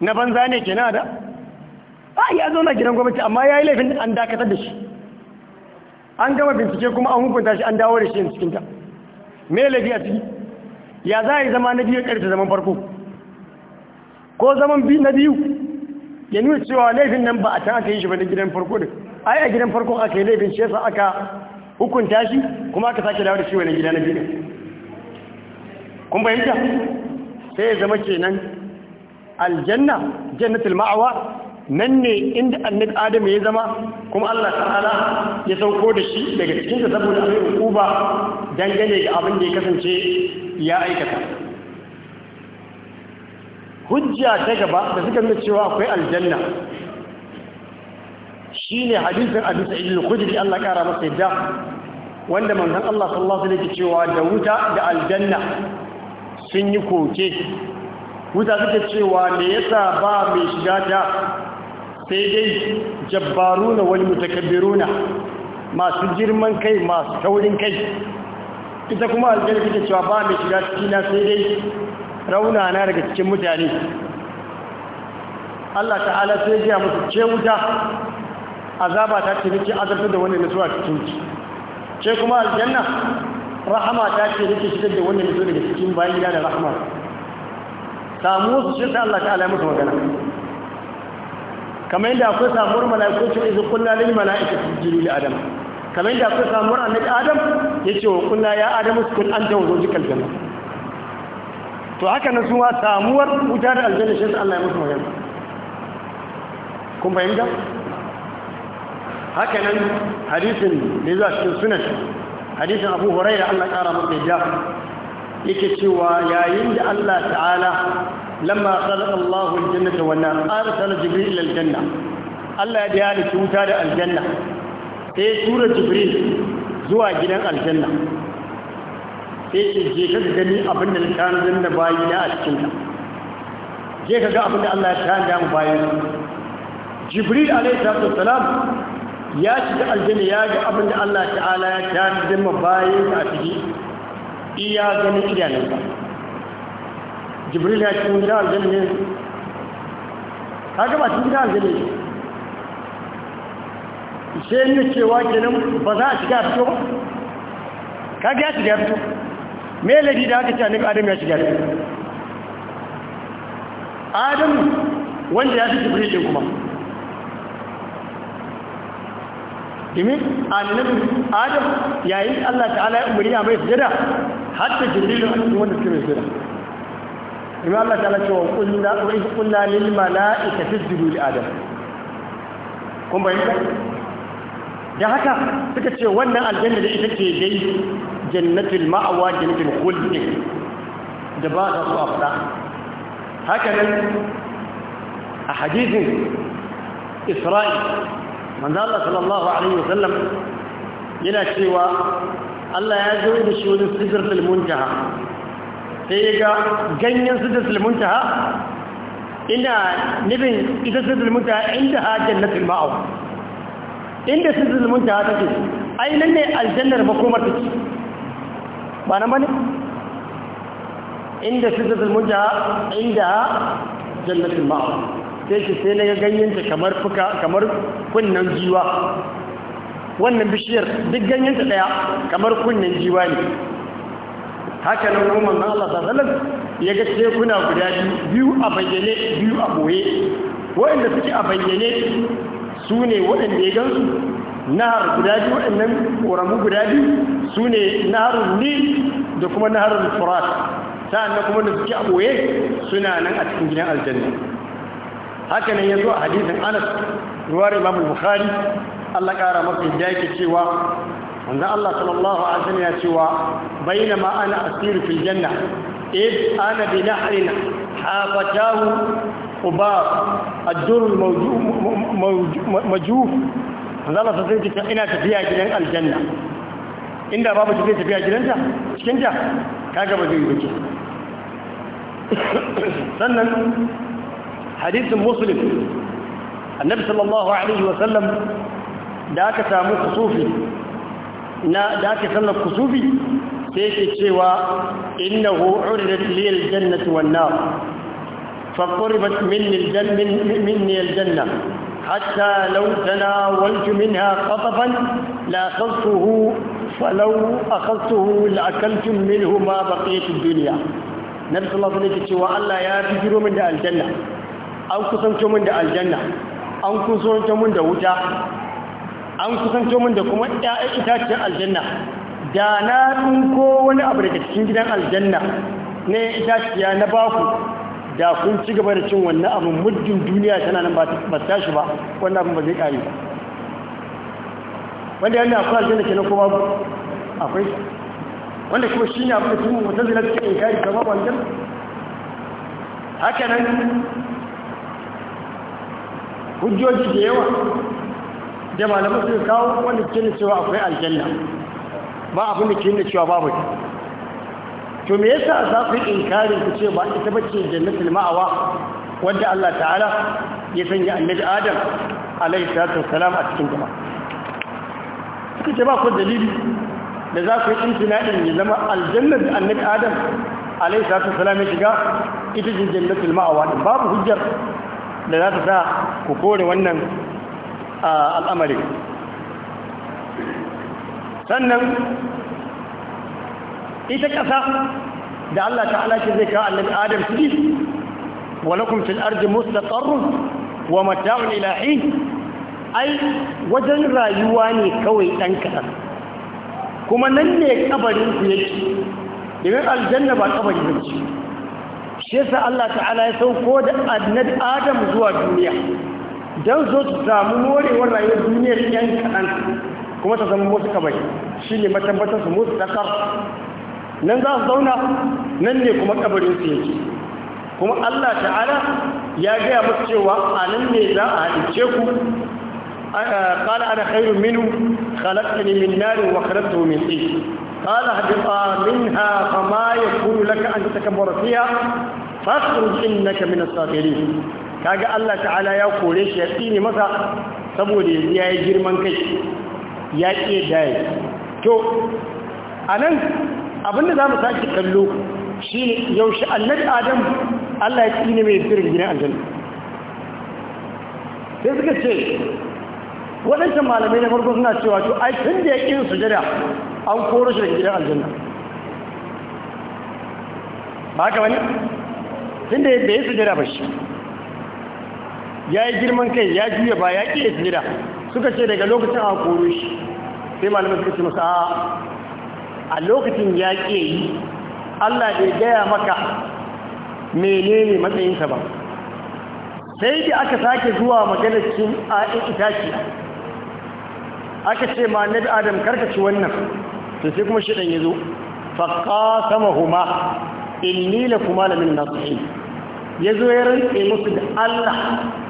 [SPEAKER 1] na banza ne ke da a ya na gidan gwamnati amma ya yi laifin an dakatar da shi an gama bincike kuma an hukunta shi an dawo da shi cikin cikinta me laifi a ciki ya za a yi zama na biyu ƙarfi zaman farko ko zaman na biyu ya nuna cewa laifin nan ba a can aka yi shi ba na gidan farko ne ai a gidan farko aka yi laifin shi yasa aka hukunta shi kuma aka sake dawo da shi wani gida na biyu kun bayyanta sai ya zama kenan aljanna jannatul ma'awa nan ne inda annabi adam ya zama kuma Allah ta'ala ya sauko da shi daga cikin saboda akwai hukuma dangane ga abin da ya kasance ya aikata hujja ta gaba da suka nuna cewa akwai aljanna shine hadisin Abu Sa'id al-Khudri Allah ƙara masa yadda wanda manzon Allah sallallahu alaihi wasallam cewa da wuta da aljanna sun yi koke wuta suke cewa ya yasa ba mai shiga ta sai dai jabbaruna wal mutakabbiruna masu girman kai masu taurin kai ita kuma aljanna take cewa ba mai shiga cikina sai dai raunana daga cikin mutane Allah ta'ala sai ya musu ce wuta azaba ta ce nake azabtar da wannan nutsuwa cikin ki ce kuma aljanna rahama ta ce nake shigar da wannan nutsuwa daga cikin bayan gida da rahama samu su shi ta Allah ta'ala musu magana kamar yadda akwai samuwar mala'ikocin izu kullu lil mala'ikati sujudu li adam kamar yadda akwai samuwar annabi adam yace wa kullu ya adamu kun anta wa zawjikal janna to haka nan suwa samuwar wuta da aljanna shi Allah ya musu magana kun bayyana haka nan hadisin da zuwa cikin sunan hadisin abu huraira allah ƙara masa ya yake cewa yayin da allah ta'ala lamma khalaqa allah aljannata wa nar arsala jibril aljanna allah ya da wuta da aljanna sai tura jibril zuwa gidan aljanna sai ce je ka gani abin da tanzan da bayi na a cikin ta je ka ga abin da Allah ya tanzan mu bayan jibril alaihi salatu wassalam ya shiga aljanna ya ga abin da Allah ta'ala ya tanadar zama bayan a ciki iya ganin ba. jibril ya cikin gida aljanna ne kaga ba cikin gida aljanna ne sai ne cewa kenan ba za a shiga fito ba ga ya shiga fito me ladi da aka ne ka adam ya shiga fito adam wanda ya fi jibril din kuma domin annabi adam yayin Allah ta'ala ya umarni a mai sujada hatta jibrilu a cikin wanda suke mai sujada domin Allah ta'ala cewa kullu wa in kullu lil mala'ikati isjudu li adam kun ka? da haka suka ce wannan aljanna da ita ce dai jannatin ma'awa jannatul khuld da ba ta so afda haka nan a hadisin Isra'il manzo Allah sallallahu alaihi wasallam yana cewa Allah ya zo da shi wurin sidratul muntaha sai ya ga ganyen sidratul muntaha ina nufin ita sidratul muntaha inda ha jannatul ma'aw inda sidratul muntaha take ai nan ne aljannar makomar take ba nan bane inda sidratul muntaha inda jannatul ma'aw sai shi sai na ganyenta kamar fuka kamar kunnan jiwa wannan bishiyar duk ganyenta daya kamar kunnan jiwa ne haka nan kuma manzon Allah sallallahu alaihi wasallam ya ga kuna guda biyu a bayyane biyu a boye waɗanda suke a bayyane su ne waɗanda ya gansu nahar guda biyu waɗannan ƙoramu guda biyu su ne naharun Ni, da kuma naharun furat sa'an kuma da suke a boye suna nan a cikin gidan aljanna haka ne yazo a hadisin Anas ruwar Imam Bukhari Allah kara masa da yake cewa wanda Allah sallallahu alaihi wasallam ya cewa bainama ana asiru fil janna id ana bi nahrin hafatahu qubab ad-dur al-mawjuf wanda Allah sallallahu alaihi ina tafiya gidan aljanna inda babu tafiya tafiya gidanta cikin ta kaga ba zai yi wuce sannan حديث مسلم النبي صلى الله عليه وسلم ذاك سامو كسوفي نا ذاك سامو كسوفي سيكي سوى إنه عرضت لي الجنة والنار فقربت مني الجنة, مني الجنة حتى لو تناولت منها قطفا لا خلصه فلو أخذته لأكلت منه ما بقيت الدنيا نبي صلى الله عليه وسلم وأن لا يفجر من الجنة an kusanto min da aljanna an kusanto min da wuta an kusanto min da kuma ƴaƴan itacen aljanna da na ko wani abu daga cikin gidan aljanna na itaciya na baku da kun ci gaba da cin wannan abu muddin duniya tana nan ba ta shi ba wannan abin ba zai kare ba wanda yana akwai aljanna ke na kuma akwai wanda kuma shi ne abu da tun mutum zai na cikin kari kama wanda haka nan hujjoji da yawa da malamai suka kawo wani ke cewa akwai aljanna ba abin da ke cewa babu to me yasa za ku inkarin ku ce ba ita bace jannatul ma'awa wanda Allah ta'ala ya sanya annabi Adam alaihi salatu wassalam a cikin gaba suka ce ba ku dalili da za ku yi intinadin ya zama aljanna da annabi Adam alaihi salatu wassalam ya shiga ita ce jannatul ma'awa babu hujjar da za ta sa ku kore wannan al'amari sannan ita ƙasa da Allah ta'ala ce zai kawo annabi Adam ciki walakum fil ardi mustaqarrun wa mata'un ila ai wajen rayuwa ne kawai ɗan kaɗan kuma nan ne kabarin ku yake domin aljanna ba kabari ne shi yasa Allah ta'ala ya sauko da annabi Adam zuwa duniya don zo su samu morewar rayuwar duniyar yan kaɗan kuma ta zama musu kamar shi ne matabbatar su musu takar nan za su zauna nan ne kuma kabarin su yake kuma Allah ta'ala ya gaya musu cewa a nan ne za a haɗice ku قال أنا خير منه خلقتني من نار وخلقته من طين قال اهبطا منها فما يكون لك أن تتكبر فيها فاخرج إنك من الساخرين كاجا الله تعالى يا قوليش يا تيني مسا سبولي يا جرمان كي يا إيه داي تو أنا abinda za mu sake kallo shi yaushe annabi adam Allah ya tsine mai tsirin gina aljanna sai suka ce waɗancan malamai na farko suna cewa to ai tun da ya ƙin sujada an koro shi da gidan aljanna ba haka wani tun da ya sujada ba shi ya yi girman kai ya juya ba ya ƙi ya sujada suka ce daga lokacin an koro shi sai malamai suka ce masa a lokacin ya ƙi yi Allah bai gaya maka menene matsayinsa ba sai da aka sake zuwa maganar a'in itaciya aka ce ma nabi adam karkaci wannan to sai kuma shidan yazo faqasamahuma inni lakuma lamin nasihin yazo ya rantse musu da Allah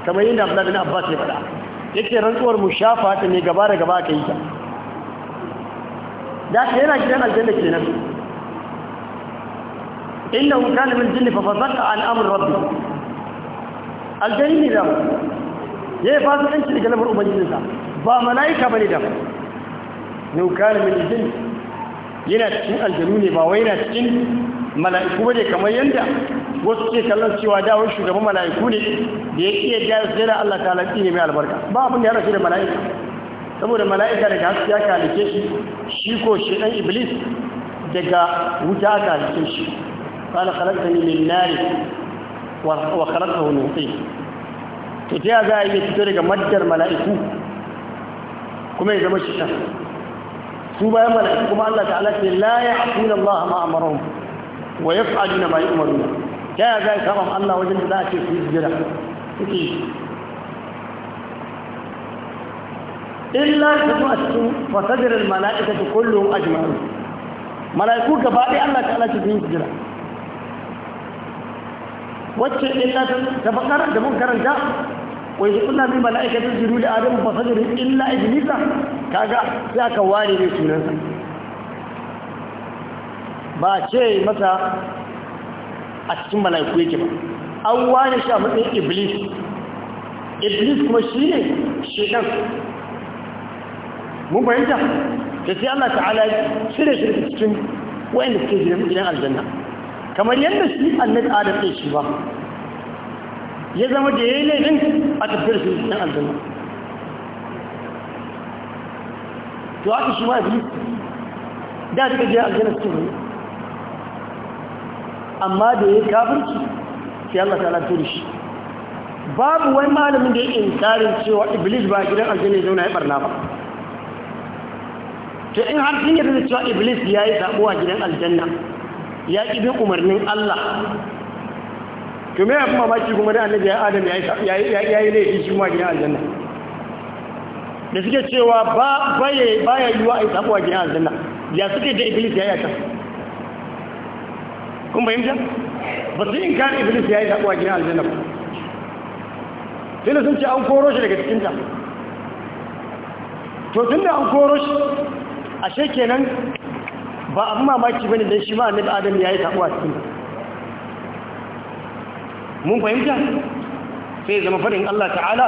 [SPEAKER 1] kamar yadda Abdullah bin Abbas ya faɗa yake rantsuwar mushafa ta ne gaba da gaba kai ta da ka yana gidan aljanna kenan inna hu kana min jinni fa fasaqa an amr rabbi aljanni da yayi fasikanci daga lamarin ubangijinsa ba mala'ika bane da hu kana min jinni yana cikin aljanu ne ba wai yana cikin mala'iku bane kamar yanda wasu ke kallon cewa da wani shugaban mala'iku ne da ya iya jayar sai da Allah ta lantsi ne mai albarka ba abin da ya rasu da mala'ika saboda mala'ika daga haske ya kalike shi shi ko shi dan iblis daga wuta aka halice shi qala khalaqtani min nar wa khalaqtahu min tin to ta za a iya fito daga maddar mala'iku kuma ya zama shi su bayan mala'iku kuma Allah ta'ala ce la ya'tuna Allah ma amarahum wa yaf'aluna ma yu'maruna ta ya zai kama Allah wajen da za a ce su jira suke
[SPEAKER 2] illa kuma
[SPEAKER 1] a cikin fasajirar mala'ika ta kullum ajma'u mala'iku gaba ɗaya Allah ta'ala ce su jira wacce illa ta bakar da mun karanta wai kuna kullum bi mala'ikatun jiru da adamu ba sadari illa iblisa kaga sai aka ware ne sunansa ba ce masa a cikin mala'iku yake ba an ware shi a matsayin iblis iblis kuma shi ne shekan mun bayanta da sai Allah ta'ala shirya shirya cikin da suke jiran aljanna kamar yadda shi annabi adam ɗin shi ba ya zama da ya yi laifin a tafiyar su ɗan aljanna to haka shi ma biyu da duka je aljanna su ne amma da ya yi kafirci sai Allah ta lantar shi babu wani malamin da ya yi tsarin cewa iblis ba gidan aljanna ya zauna ya barna ba to in har sun yarda da cewa iblis ya yi sabuwa gidan aljanna ya ƙi bin umarnin Allah to me abin mamaki kuma da annabi ya adam ya yi laifi shi ma gina aljanna da suke cewa ba baye baya yiwa a yi sabo gina aljanna ya suke da iblis ya yi aka kun bayyanta ba su in kan iblis ya yi sabo gina aljanna ba sai sun ce an koro shi daga ta to tun da an koro shi ashe kenan ba abin mamaki bane don shi ma annabi adam ya yi sabo cikin ta mun fahimta sai zama fadin Allah ta'ala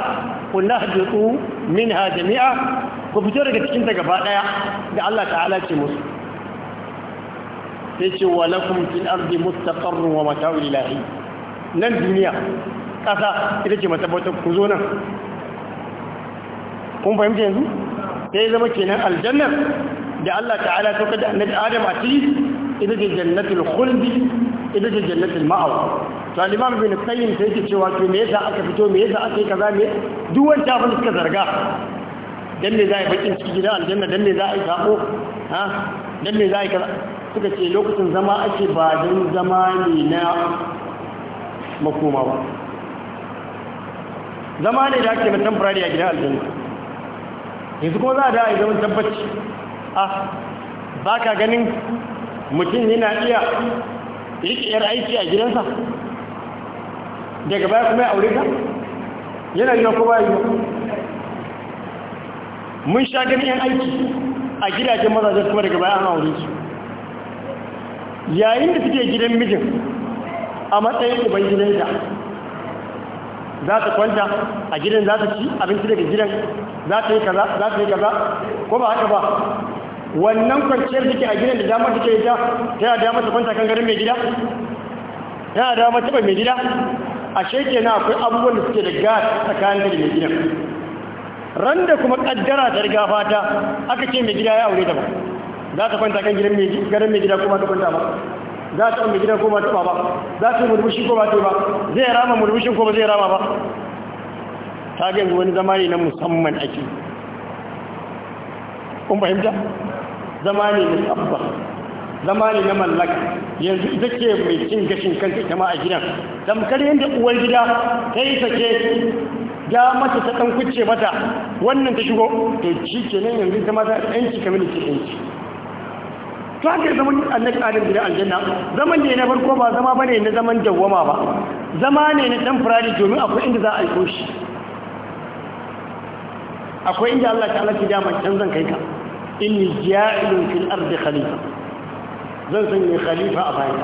[SPEAKER 1] ku hajjutu minha jami'a ku fito daga cikin ta gaba daya da Allah ta'ala ce musu sai ce wa lakum fil ardi mustaqarrun wa mata'ul ilahi nan duniya kasa ita ce matabbatar ku zo nan kun fahimta yanzu sai zama kenan aljanna da Allah ta'ala sauka da annabi Adam a ciki ita ce jannatul khuldi ita ce jannatul ma'awa salimam bin imam ibn sai yake cewa to me yasa aka fito me yasa aka yi kaza me duk wanda abin suka zarga dan me za a yi bakin ciki gidan aljanna dan me za a yi sabo ha dan me za a yi kaza suka ce lokacin zama ake ba dan zama ne na makoma ba zama ne da ake na temporary a gidan aljanna yanzu kuma za a da a yi zaman tabbaci a ah, baka ganin mutum yana iya yake yar aiki a gidansa daga baya kuma ya aure ta yana yi ko ba yi mun sha gani yan aiki a gidajen mazajen kuma daga baya an aure su yayin da suke gidan mijin a matsayin ubangidanta za ta kwanta a gidan za ta ci abinci daga gidan za ta yi kaza za ta yi kaza ko ba haka ba wannan kwanciyar da ke a gidan da damar da ke ta tana damar ta kwanta kan garin mai gida tana damar taɓa mai gida ashe na akwai abubuwan da suke da gas tsakanin da mai gidan ran da kuma kaddara ta riga fata aka ce mai gida ya aure ta ba za ta kwanta kan gidan mai gida kuma ta kwanta ba za ta mai gida kuma ta ba za ta yi murmushi ko ba ta ba zai rama murmushin ko ba zai rama ba ta ga yanzu wani zama ne na musamman ake kun fahimta zama ne musamman zama ne na mallaka yanzu ita ce mai cin gashin kanta ita ma a gidan tamkar yadda uwar gida ta yi sake ya mace ta ɗan kuce mata wannan ta shigo to shi ke nan yanzu ta mata ɗanci kamar ce ɗanci to haka zaman annabi adam gida aljanna zaman ne na farko ba zama bane na zaman dawwama ba zama ne na ɗan firari domin akwai inda za a aiko shi akwai inda Allah ta'ala ke dama can zan kai ka inni ja'ilun fil ardi khalifa zan sanya khalifa a bayan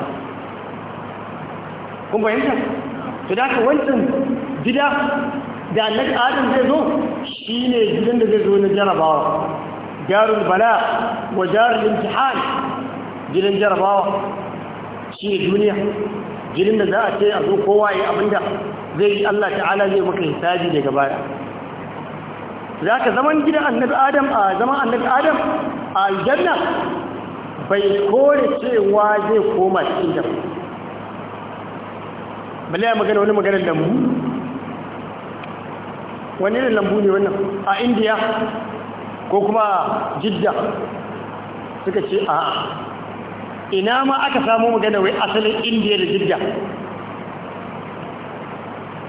[SPEAKER 1] kun bayanta to da ka wancan gida da annabi adam zai zo shine gidan da zai zo na jarabawa darul bala wa darul imtihan gidan jarabawa shi duniya gidan da za a ce a zo kowa ya abinda zai yi Allah ta'ala zai maka hisabi daga baya za ka zaman gidan annabi adam a zaman annabi adam a aljanna bai kore cewa zai koma cikin jama'a bala ya magana wani maganar lambu wani irin lambu ne wannan a indiya ko kuma jidda suka ce a ina ma aka samu magana wai asalin indiya da jidda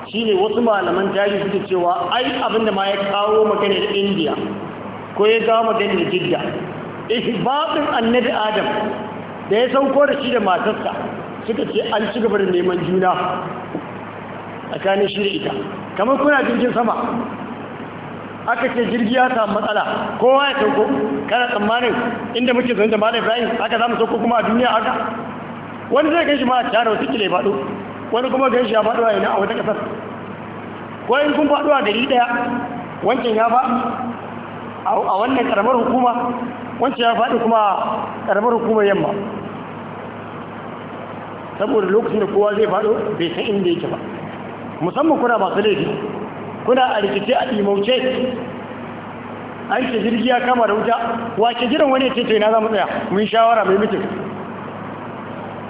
[SPEAKER 1] shi ne wasu malaman tarihi suke cewa ai abinda ma ya kawo maganar indiya ko ya kawo maganar jidda ihbatin annabi adam da ya sauko da shi da matarsa suka ce an ci gaba da neman juna tsakanin shi da ita kamar kuna jirgin sama aka ce jirgi ya samu matsala kowa ya sauko kana tsammanin inda muke zan da malam ibrahim aka zamu sauko kuma a duniya haka wani zai ganshi ma a tara wata ya faɗo wani kuma ganshi ya faɗo a yana a wata ƙasar ko in kun faɗo a gari ɗaya wancan ya ba a wannan ƙaramar hukuma wancan ya faɗi kuma ƙaramar hukumar yamma saboda lokacin da kowa zai faɗo bai san inda yake ba musamman kuna masu laifi kuna a rikice a imauce an ce jirgi ya kama da wuta wace jiran wani ce tsaye na za mu tsaya mun shawara mai mutum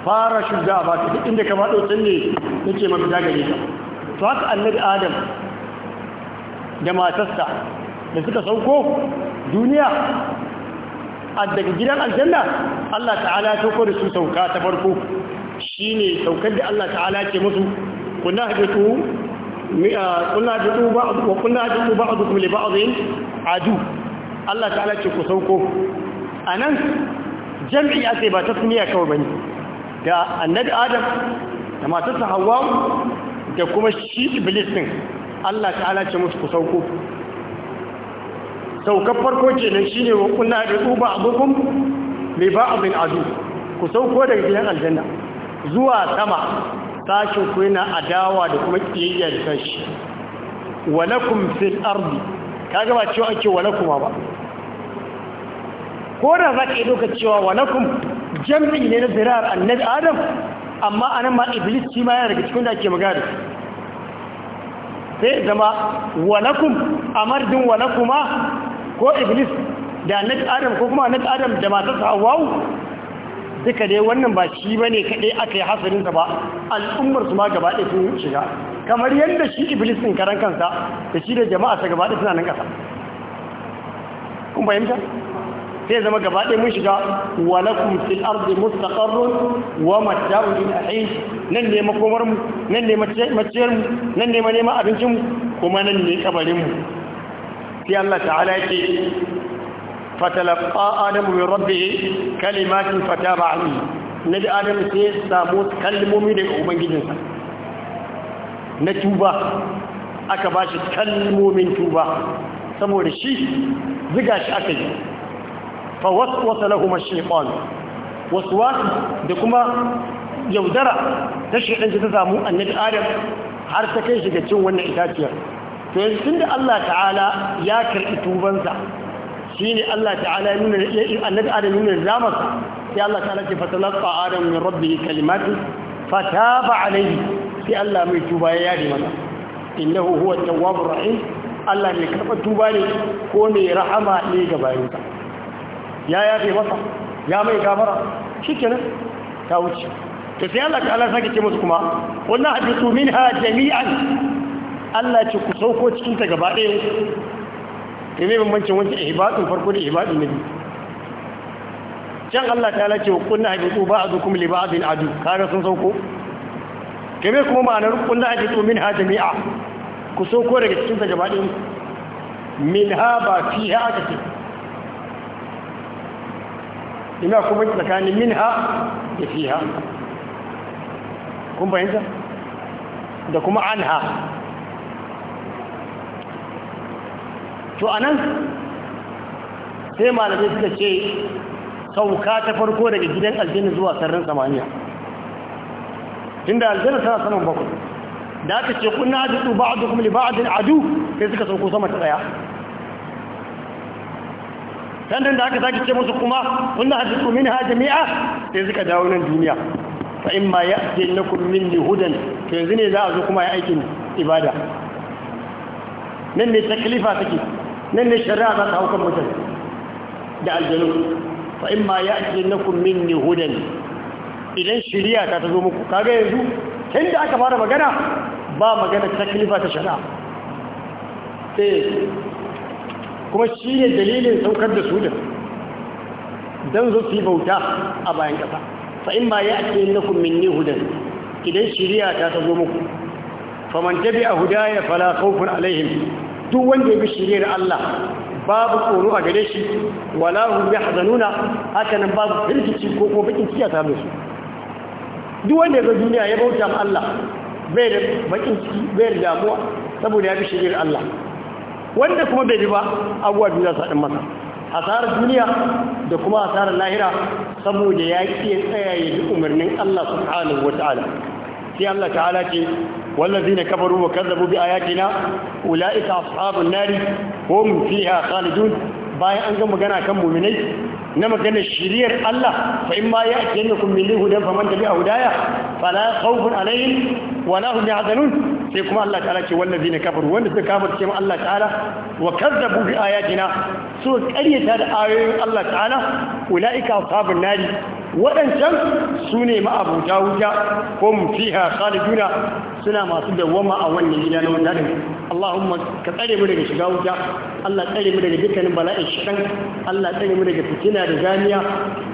[SPEAKER 1] fara shuga a baki duk inda kama ɗotsin ne nake mafi gare ta to haka annabi adam da matarsa da suka sauko duniya daga gidan aljanna Allah ta'ala ya sauko da su sauka ta farko Shi ne saukar da Allah ta'ala ke musu kunna hajjatu kunna hajjatu ba'd wa kunna hajjatu ba'dukum li ba'din adu Allah ta'ala ce ku sauko A anan jam'i ake ba ta suniya kawai bane da annabi Adam da matarsa Hawwa da kuma shi Iblis din Allah ta'ala ce musu ku sauko saukar farko shi ne wa kuna da abubuwan mai ba abin adu ku sauko daga gidan aljanna zuwa sama sashin ku yana adawa da kuma kiyayya da sashi walakum fil ardi ka gaba cewa ake walakuma ba ko da ka yi doka cewa walakum jam'i ne na zirar annabi adam amma anan ma iblis shi ma yana daga cikin da ake magana sai zama walakum amardin walakuma ko iblis da nat adam ko kuma nat adam da matarsa hawwa'u duka dai wannan ba shi bane kadai aka yi ta ba al'ummar su ma gaba ɗaya sun shiga kamar yadda shi iblis din karan kansa da shi da jama'a sa gaba ɗaya suna nan ƙasa kun fahimta sai zama gaba ɗaya mun shiga walakum fil ardi mustaqarrun wa mata'un ila hin nan ne makomar mu nan ne maciyar mu nan ne ma neman abincin mu kuma nan ne kabarin mu sai Allah ta'ala yake fatalaqa adamu min rabbih kalimatin fataba alayhi nabi adam sai samu kalmomi daga ubangijinsa na tuba aka bashi kalmomin tuba saboda shi ziga shi aka yi fa waswasa lahum ash-shaytan waswasi da kuma yaudara ta shaytan ta samu annabi adam har ta kai shi ga cin wannan itaciyar to yanzu da Allah ta'ala ya karɓi tubansa ne Allah ta'ala ya nuna da annabi Adam nuna da zamar sai Allah ta'ala ce fatalaqa Adam min rabbihi kalimatu fataba alayhi sai Allah mai tuba ya yare mana innahu huwa at-tawwabur rahim Allah mai karɓa tuba ne ko mai rahama ne ga bayinsa ya yafe masa ya mai gafara shikenan ta wuce to sai Allah ta'ala sake ce musu kuma wannan hadithu minha jami'an Allah ce ku sauko cikin ta gaba ɗaya ne me bambancin wancan ihbatun farko da na biyu? can Allah ta lace wa kunna hajitu ba'dukum li zin adu kaga sun sauko to me kuma ma'anar kunna tso min ha jami'a ku sauko daga cikin ta gaba ɗaya min ha ba fiha aka ce ina kuma tsakanin min ha da ha? kun fahimta da kuma an ha to a nan sai malamai suka ce sauka ta farko daga gidan aljanna zuwa sararin samaniya inda aljanna suna saman bakwai da aka ce kun na haɗu ba'adukum li ba'adin adu sai suka sauko sama ta tsaya sannan da aka sake ce musu kuma kunna hadisu minha jami'a sai suka dawo nan duniya fa in ma ya'ti lakum minni hudan to yanzu ne za a zo kuma ya aikin ibada nan ne taklifa take nan ne shari'a za ta hau kan mutane da aljanu fa ya ake nakun minni hudan idan shari'a ta zo muku kaga yanzu tun da aka fara magana ba magana ta eh, kuma shi ne dalilin saukar da su da don zo su bauta a bayan ƙasa fa ma ya ake nakun minni hudan idan shari'a ta ta zo muku Famantabi a hudaya fala alaihim duk wanda ya bi shirye da Allah babu tsoro a gare shi wala bi hazanuna, haka nan babu firgici ko ko bakin ciki a tare su duk wanda ya ga duniya ya bauta ma Allah bai da bakin ciki bai da damuwa saboda ya bi shirye da Allah wanda kuma bai bi ba abuwa duniya sa din masa hasarar duniya da kuma hasarar lahira saboda ya ki tsaya ya umarnin Allah subhanahu wataala sai Allah ta'ala ce والذين كفروا وكذبوا بآياتنا أولئك أصحاب النار هم فيها خالدون باي أنك مغانا كم مؤمنين نما كان الشرير الله فإما يأتينكم من ليه فمن تبع هدايا فلا خوف عليهم ولا هم يحزنون sai kuma Allah ta'ala ce wallazi ne kafir wanda suka kafirce mu Allah ta'ala wa kazzabu bi ayatina su karyata da ayoyin Allah ta'ala ulaika ashabun nari waɗancan su ne ma'abuta wuta ko mu fiha khaliduna suna masu dawama a wannan gida na wannan Allahumma ka tsare mu daga shiga wuta Allah tsare mu daga dukkanin bala'in shidan Allah tsare mu daga fitina da zaniya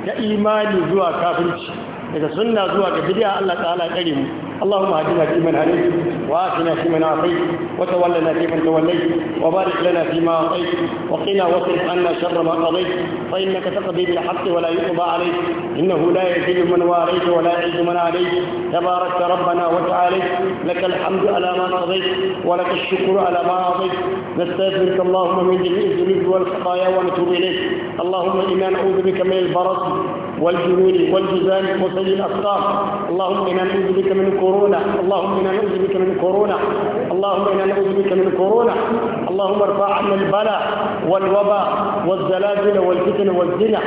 [SPEAKER 1] da imani zuwa kafirci daga sunna zuwa ga bid'a Allah ta'ala kare mu Allahumma hadina fi man hadayt wa atina fi man afayt wa tawallana fi man tawallayt wa barik lana fi ma atayt wa qina wasrif anna sharra ma qadayt fa innaka taqdi bil haqqi wa la yuqda alayk innahu la yadhillu man walayt wa la yu'izzu man alayt tabarak rabbana wa ta'ala lakal hamdu ala ma qadayt wa lakal shukru ala ma atayt nastaghfiruka Allahumma min jami'i الذنوب والخطايا ونتوب اليك اللهم انا نعوذ بك من البرص والجنون والجزام وسيء الأبصار اللهم إنا نعوذ بك من كورونا اللهم إنا نعوذ بك من كورونا اللهم إنا نعوذ بك من كورونا اللهم ارفع عنا البلاء والوباء والزلازل والفتن والزنا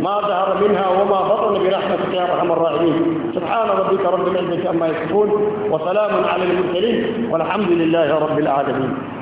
[SPEAKER 1] ما ظهر منها وما بطن برحمتك يا أرحم الراحمين سبحان ربك رب العزة عما يصفون وسلام على المرسلين والحمد لله رب
[SPEAKER 3] العالمين